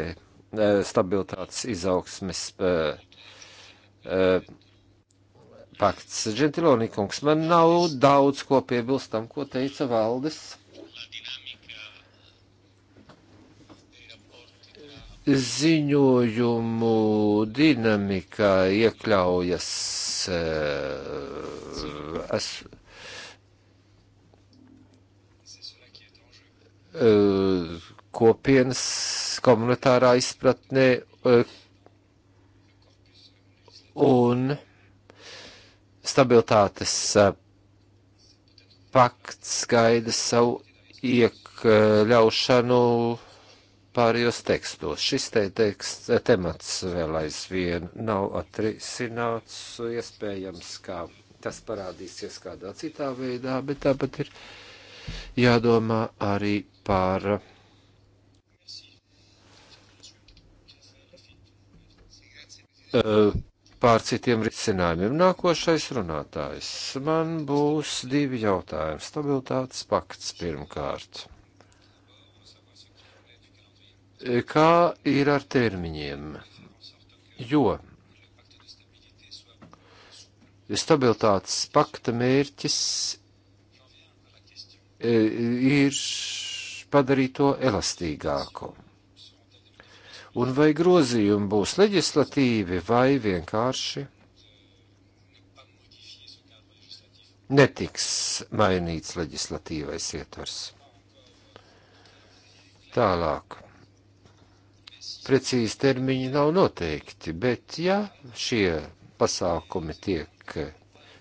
Eh, stabilitātes izaugsmes eh, eh, pakts. Džentilonī kungs, man nav daudz ko piebilst tam, ko teica valdes. Ziņojumu dinamikā iekļaujas es, kopienas komunitārā izpratnē eh, un stabilitātes eh, pakts gaida savu iekļaušanu pārējos tekstos. Šis te teksts, eh, temats vēl aizvien nav atrisināts, iespējams, kā tas parādīsies kādā citā veidā, bet tāpat ir jādomā arī par uh, pār citiem risinājumiem. Nākošais runātājs. Man būs divi jautājumi. Stabilitātes pakts pirmkārt. Kā ir ar termiņiem? Jo stabilitātes pakta mērķis e, ir padarīt to elastīgāku un vai grozījumi būs leģislatīvi vai vienkārši netiks mainīts leģislatīvais ietvers. Tālāk precīzi termiņi nav noteikti, bet ja šie pasākumi tiek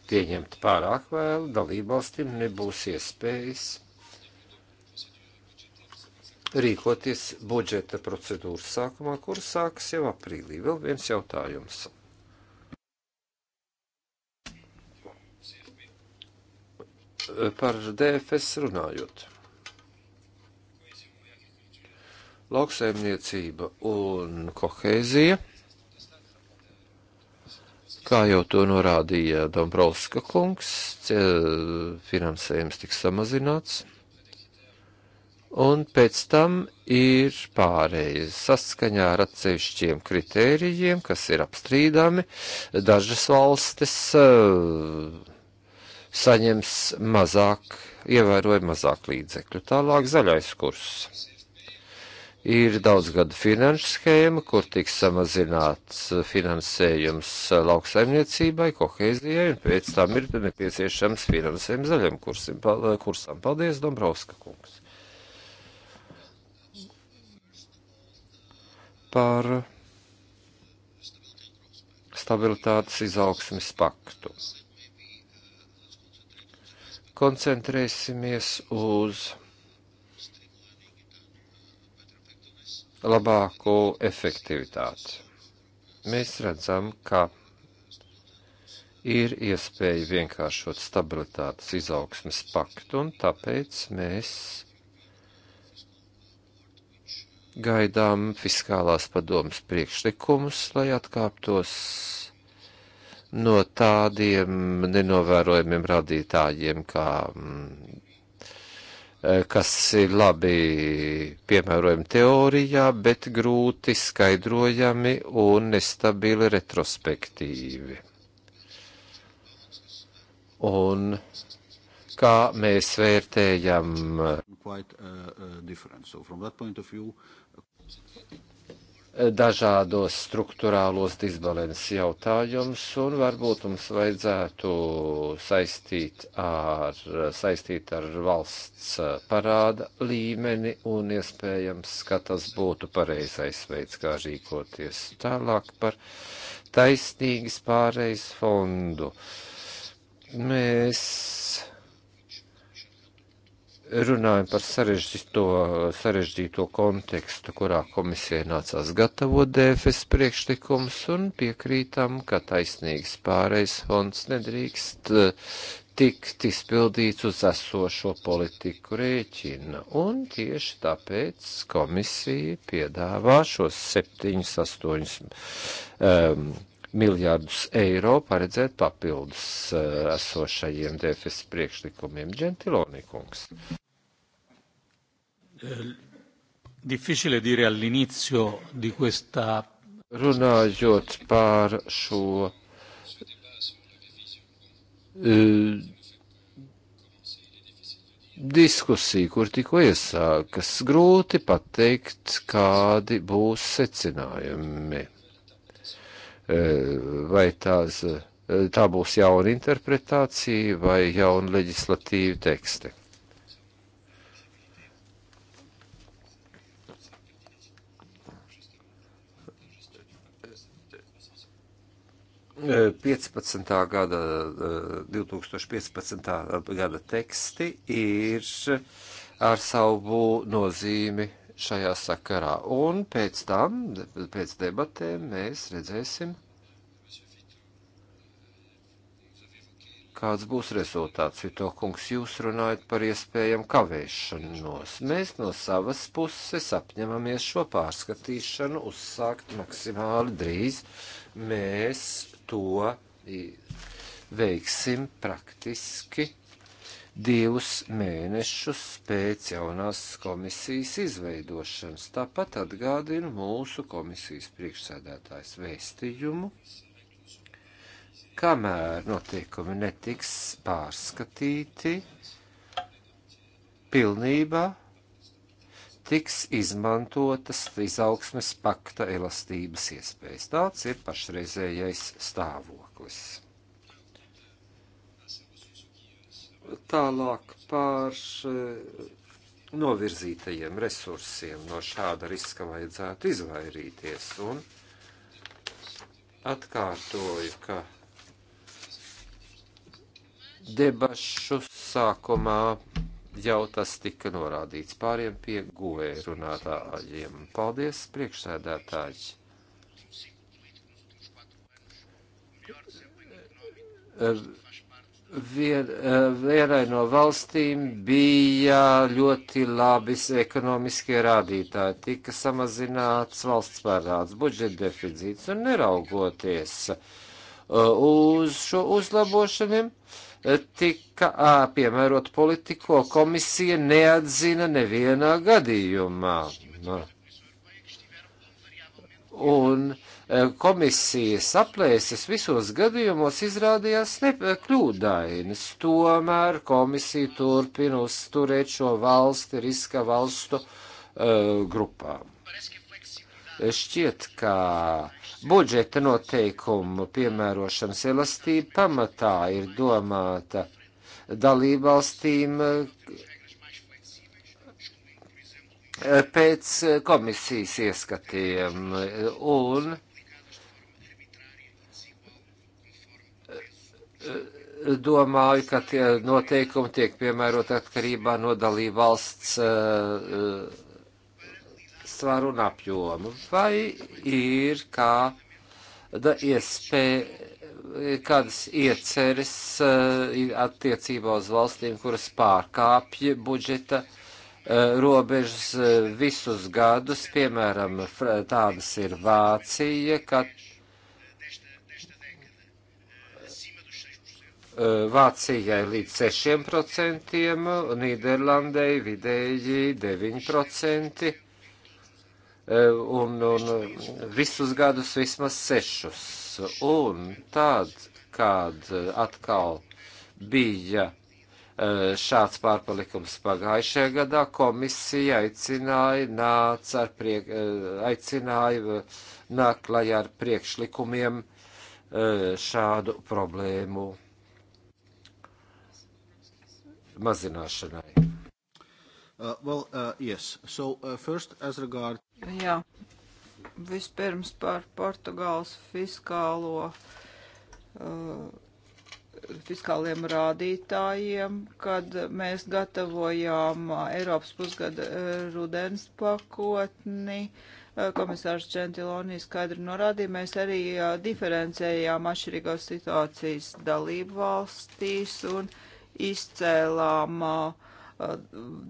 pieņemti pārāk vēlu, dalībvalstīm nebūs iespējas rīkoties budžeta procedūras sākumā, kur sākas jau aprīlī. Vēl viens jautājums. Par DFS runājot. Lauksaimniecība un kohēzija, kā jau to norādīja Dombrovska kungs, finansējums tiks samazināts un pēc tam ir pārējais saskaņā ar atsevišķiem kritērijiem, kas ir apstrīdami. Dažas valstis uh, saņems mazāk, ievērojami mazāk līdzekļu. Tālāk zaļais kurs. Ir daudz gadu finanšu schēma, kur tiks samazināts finansējums lauksaimniecībai, kohēzijai, un pēc tam ir nepieciešams finansējums zaļam kursim, kursam. Paldies, Dombrovska kungs! par stabilitātes izaugsmes paktu. Koncentrēsimies uz labāku efektivitāti. Mēs redzam, ka ir iespēja vienkāršot stabilitātes izaugsmes paktu, un tāpēc mēs gaidām fiskālās padomas priekšlikumus, lai atkāptos no tādiem nenovērojumiem rādītājiem, kā, mm, kas ir labi piemērojami teorijā, bet grūti skaidrojami un nestabili retrospektīvi. Un kā mēs vērtējam. Quite, uh, uh, dažādos struktūrālos disbalanses jautājumus, un varbūt mums vajadzētu saistīt ar, saistīt ar valsts parāda līmeni, un iespējams, ka tas būtu pareizais veids, kā rīkoties tālāk par taisnīgas pārejas fondu. Mēs runājam par sarežģīto, sarežģīto kontekstu, kurā komisijai nācās gatavot DFS priekšlikums un piekrītam, ka taisnīgs pārejas fonds nedrīkst eh, tikt izpildīts uz esošo politiku rēķina. Un tieši tāpēc komisija piedāvā šos 7, 8 um, miljārdus eiro paredzēt papildus eh, esošajiem DFS priekšlikumiem. Gentiloni kungs. Eh, difficile dire all'inizio di questa. Runājot par šo eh, diskusiju, kur tikko iesākas, grūti pateikt, kādi būs secinājumi. Eh, vai tās, eh, tā būs jauna interpretācija vai jauna leģislatīva tekste. Gada, 2015. Eh, gada teksti ir ar savu nozīmi šajā sakarā. Un pēc tam, pēc debatēm, mēs redzēsim, kāds būs rezultāts. Vito kungs, jūs runājat par iespējamu kavēšanos. Mēs no savas puses apņemamies šo pārskatīšanu uzsākt maksimāli drīz. Mēs to veiksim praktiski divus mēnešus pēc jaunās komisijas izveidošanas. Tāpat atgādina mūsu komisijas priekšsēdētājs vēstījumu, kamēr notiekumi netiks pārskatīti pilnībā, tiks izmantotas izaugsmes pakta elastības iespējas. Tāds ir pašreizējais stāvoklis. Tālāk par e, novirzītajiem resursiem no šāda riska vajadzētu izvairīties. Un atkārtoju, ka debašu sākumā jau tas tika norādīts pāriem pie guvē runātājiem. Paldies, priekšsēdētāji! Uh, vien, eh, vienai no valstīm bija ļoti labi ekonomiskie rādītāji, tika samazināts valsts pārāds, budžeta deficīts un neraugoties eh, uz šo uzlabošaniem eh, tika piemērot politiku, ko komisija neatzina nevienā gadījumā. Un uh, Eh, komisijas aplēses visos gadījumos izrādījās eh, kļūdainas. Tomēr komisija turpina uzturēt šo valsti riska valstu uh, grupā. Šķiet, ka budžeta noteikumu piemērošanas elastība pamatā ir domāta dalībvalstīm pēc komisijas ieskatiem un domāju, ka tie noteikumi tiek piemērot atkarībā no dalība valsts eh, svaru un apjomu. Vai ir kāda iespēja, kādas ieceres eh, attiecībā uz valstīm, kuras pārkāpja budžeta eh, robežas visus gadus, piemēram, tādas ir Vācija, kad Vācijai līdz 6%, Nīderlandei vidēji 9% un, un visus gadus vismaz 6. Un tad, kad atkal bija eh, šāds pārpalikums pagājušajā gadā komisija aicināja, nāca ar priek, eh, aicināja eh, nākt klajā ar priekšlikumiem šādu problēmu mazināšanai. Uh, well, uh, yes. so, uh, first, regard... Jā, vispirms par Portugāles fiskālo, uh, fiskāliem rādītājiem, kad mēs gatavojām uh, Eiropas pusgada uh, rudens pakotni. Uh, komisārs Gentiloni skaidri norādīja, mēs arī diferencējām atšķirīgās situācijas dalību valstīs un uh, izcēlām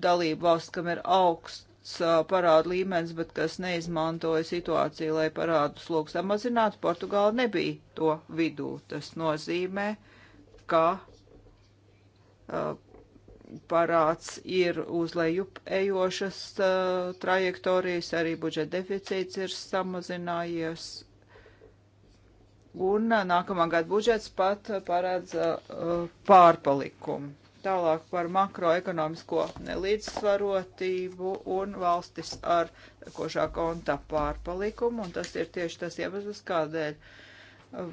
dalību valsts, kam ir augsts parādu līmenis, bet kas neizmantoja situāciju, lai parādu slogu samazinātu, Portugāla nebija to vidū. Tas nozīmē, ka parāds ir uz leju ejošas uh, trajektorijas, arī budžeta deficīts ir samazinājies un nākamā gada budžets pat paredz pārpalikumu. Tālāk par makroekonomisko nelīdzsvarotību un valstis ar košā konta pārpalikumu, un tas ir tieši tas iemesls, kādēļ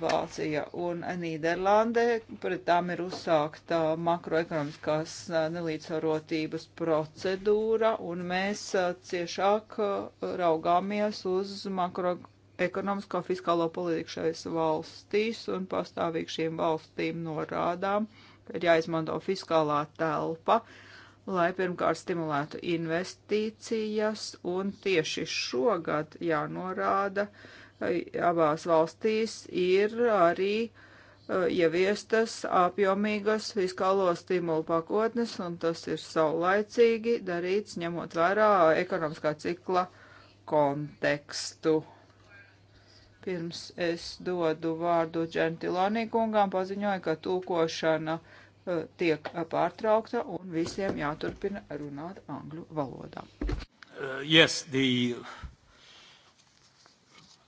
Vācija un Nīderlandē pret tām ir uzsākta makroekonomiskās nelīdzsvarotības procedūra, un mēs ciešāk raugāmies uz makroekonomiskās ekonomisko fiskālo politiku šais valstīs un pastāvīgi šīm valstīm norādām, ka ir jāizmanto fiskālā telpa, lai pirmkārt stimulētu investīcijas un tieši šogad jānorāda, abās valstīs ir arī e, ieviestas apjomīgas fiskālo stimulu pakotnes, un tas ir saulaicīgi darīts, ņemot vērā ekonomiskā cikla kontekstu. Pirms es dodu vārdu Džentilonī kungām, paziņoju, ka tūkošana uh, tiek uh, pārtraukta un visiem jāturpina runāt angļu valodā. Uh, yes, the,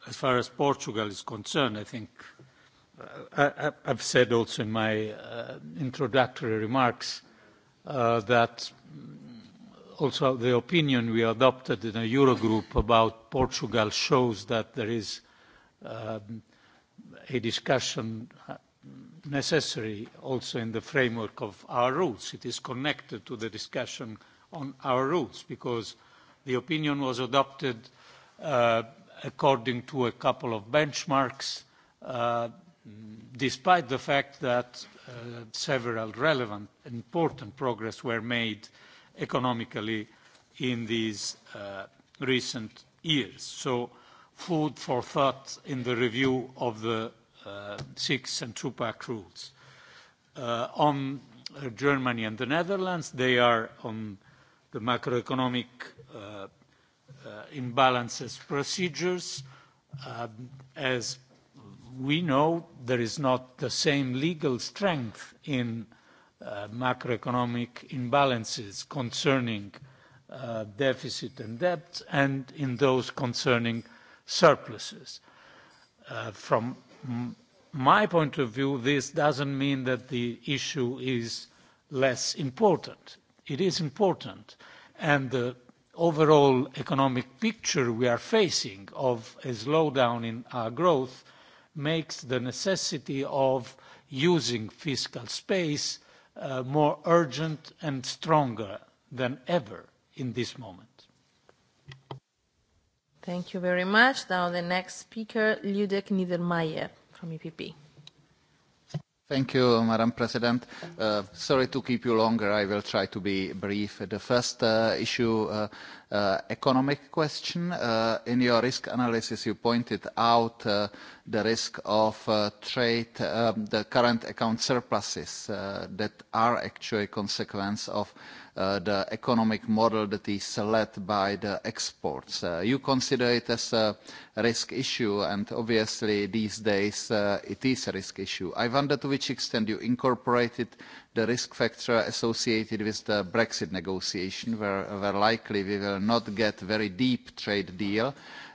as far as Portugal is concerned, I think uh, I, I've said also in my uh, introductory remarks uh, that also the opinion we adopted in a Eurogroup about Portugal shows that there is um, a discussion uh, necessary also in the framework of our rules. It is connected to the discussion on our rules because the opinion was adopted uh, according to a couple of benchmarks uh, despite the fact that uh, several relevant, important progress were made economically in these uh, recent years. So food for thought in the review of the uh, six and two-pack rules. Uh, on uh, Germany and the Netherlands, they are on the macroeconomic uh, uh, imbalances procedures. Um, as we know, there is not the same legal strength in uh, macroeconomic imbalances concerning uh, deficit and debt and in those concerning uh, surpluses. Uh, from my point of view, this doesn't mean that the issue is less important. It is important. And the overall economic picture we are facing of a slowdown in our growth makes the necessity of using fiscal space uh, more urgent and stronger than ever in this moment. Thank you very much. Now the next speaker, Ludek Niedermayer from EPP. Thank you, Madam President. Uh, sorry to keep you longer. I will try to be brief. The first uh, issue uh, uh, economic question. Uh, in your risk analysis, you pointed out uh, the risk of uh, trade, um, the current account surpluses uh, that are actually a consequence of uh, the economic model that is led by the exports. Uh, you consider it as a risk issue, and obviously these days uh, it is a risk issue. I wonder to which extent you incorporated the risk factor associated with the Brexit negotiation, where, where likely we will not get very deep trade deal,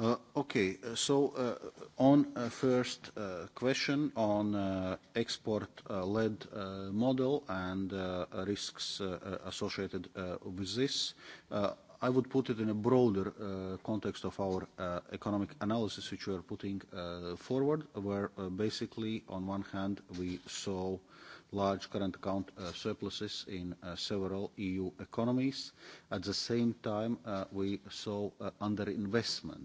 Uh, okay. Uh, so, uh, on uh, first uh, question on uh, export-led model and risks associated with this, I would put it in a broader context of our economic analysis, which we are putting forward, where basically on one hand, we saw large current account uh, surpluses in uh, several EU economies. At the same time, uh, we saw underinvestment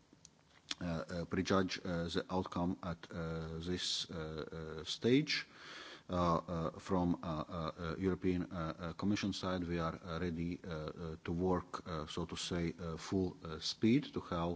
uh, uh, prejudge uh, the outcome at uh, this uh, uh, stage. Uh, uh, from uh, uh, uh European uh, uh, Commission side, we are uh, ready uh, uh, to work, uh, so to say, uh, full uh, speed to have uh,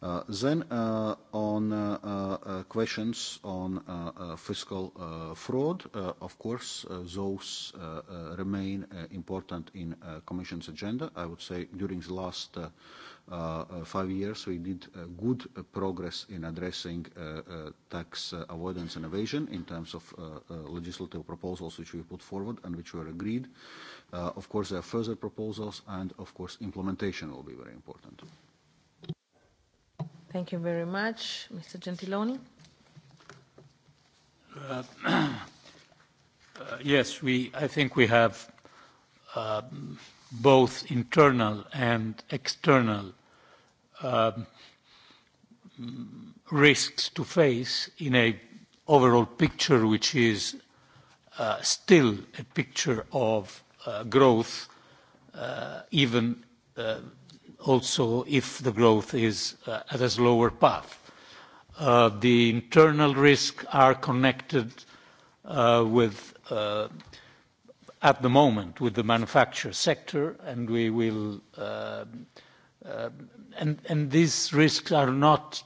Uh, then uh, on uh, uh, questions on uh, uh, fiscal uh, fraud, uh, of course, uh, those uh, uh, remain uh, important in uh, Commission's agenda. I would say during the last uh, uh, uh five years we did uh, good uh, progress in addressing uh, uh, tax uh, avoidance and evasion in terms of uh, uh, legislative proposals which we put forward and which were agreed. Uh, of course, there are further proposals and, of course, implementation will be very important. Mm -hmm. Thank you very much. Mr. Gentiloni? Uh, uh, yes, we, I think we have uh, both internal and external um, risks to face in an overall picture, which is uh, still a picture of uh, growth, uh, even also if the growth is uh, at a slower path. Uh, the internal risks are connected uh, with, uh, at the moment, with the manufacture sector, and we will, uh, uh, and, and these risks are not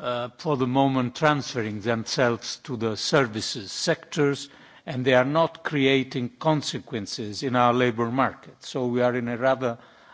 uh, for the moment transferring themselves to the services sectors, and they are not creating consequences in our labor market. So we are in a rather uh,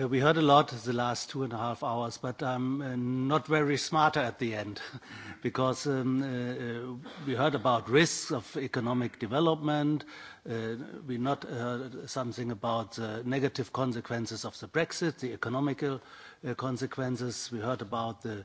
Uh, we heard a lot the last two and a half hours, but I'm um, not very smarter at the end because um, uh, uh, we heard about risks of economic development. Uh, we not heard something about the negative consequences of the Brexit, the economical uh, consequences. We heard about the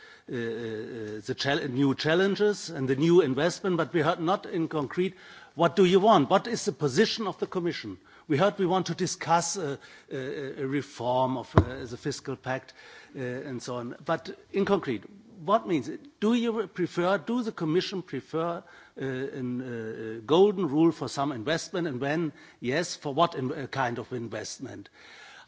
Uh, uh, uh, the chal new challenges and the new investment, but we heard not in concrete what do you want? What is the position of the Commission? We heard we want to discuss a, a, a reform of uh, the fiscal pact uh, and so on. But in concrete, what means it? Do you prefer, do the Commission prefer uh, a uh, golden rule for some investment and when, yes, for what in, uh, kind of investment? Uh,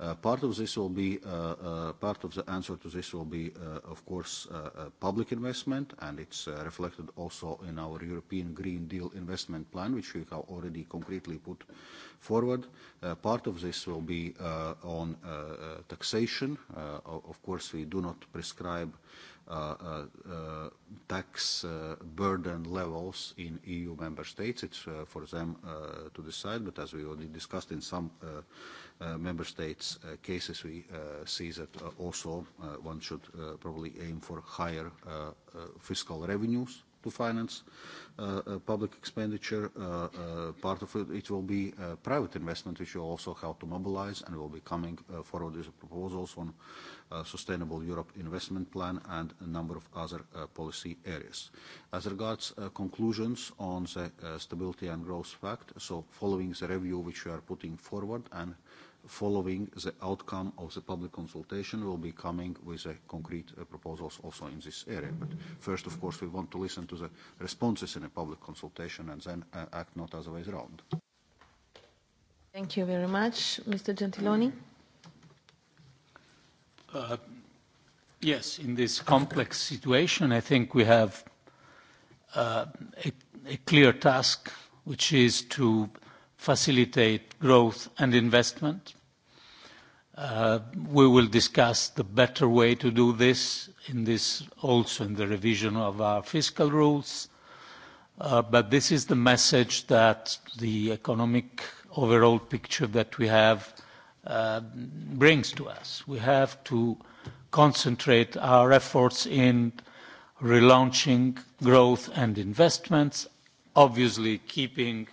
Uh, part of this will be uh, uh, part of the answer to this will be, uh, of course, uh, uh, public investment, and it's uh, reflected also in our European Green Deal investment plan, which we have already concretely put forward. Uh, part of this will be uh, on uh, uh taxation. Uh, of course, we do not prescribe uh, Uh, uh, uh, tax uh, burden levels in EU member states. It's uh, for them uh, to decide, but as we already discussed in some uh, uh, member states' uh, cases, we uh, see that uh, also uh, one should uh, probably aim for higher uh, uh, fiscal revenues to finance uh, uh, public expenditure. Uh, uh, part of it, it will be uh, private investment, which will also how to mobilize and will be coming uh, forward with proposals on uh, Sustainable Europe Investment Plan and a number of other uh, policy areas. As regards uh, conclusions on the uh, Stability and Growth Pact, so following the review which we are putting forward and uh, following the outcome of the public consultation, will be coming with uh, concrete uh, proposals also in this area. But first, of course, we want to listen to the responses in a public consultation and then uh, act not other way around. Thank you very much. Mr. Gentiloni? Uh, yes, in this complex situation, I think we have uh, a, a clear task, which is to uh, facilitate growth and investment. Uh, we will discuss the better way to do this in this also in the revision of our fiscal rules. Uh, but this is the message that the economic overall picture that we have uh, brings to us. We have to concentrate our efforts in relaunching growth and investments, obviously keeping uh,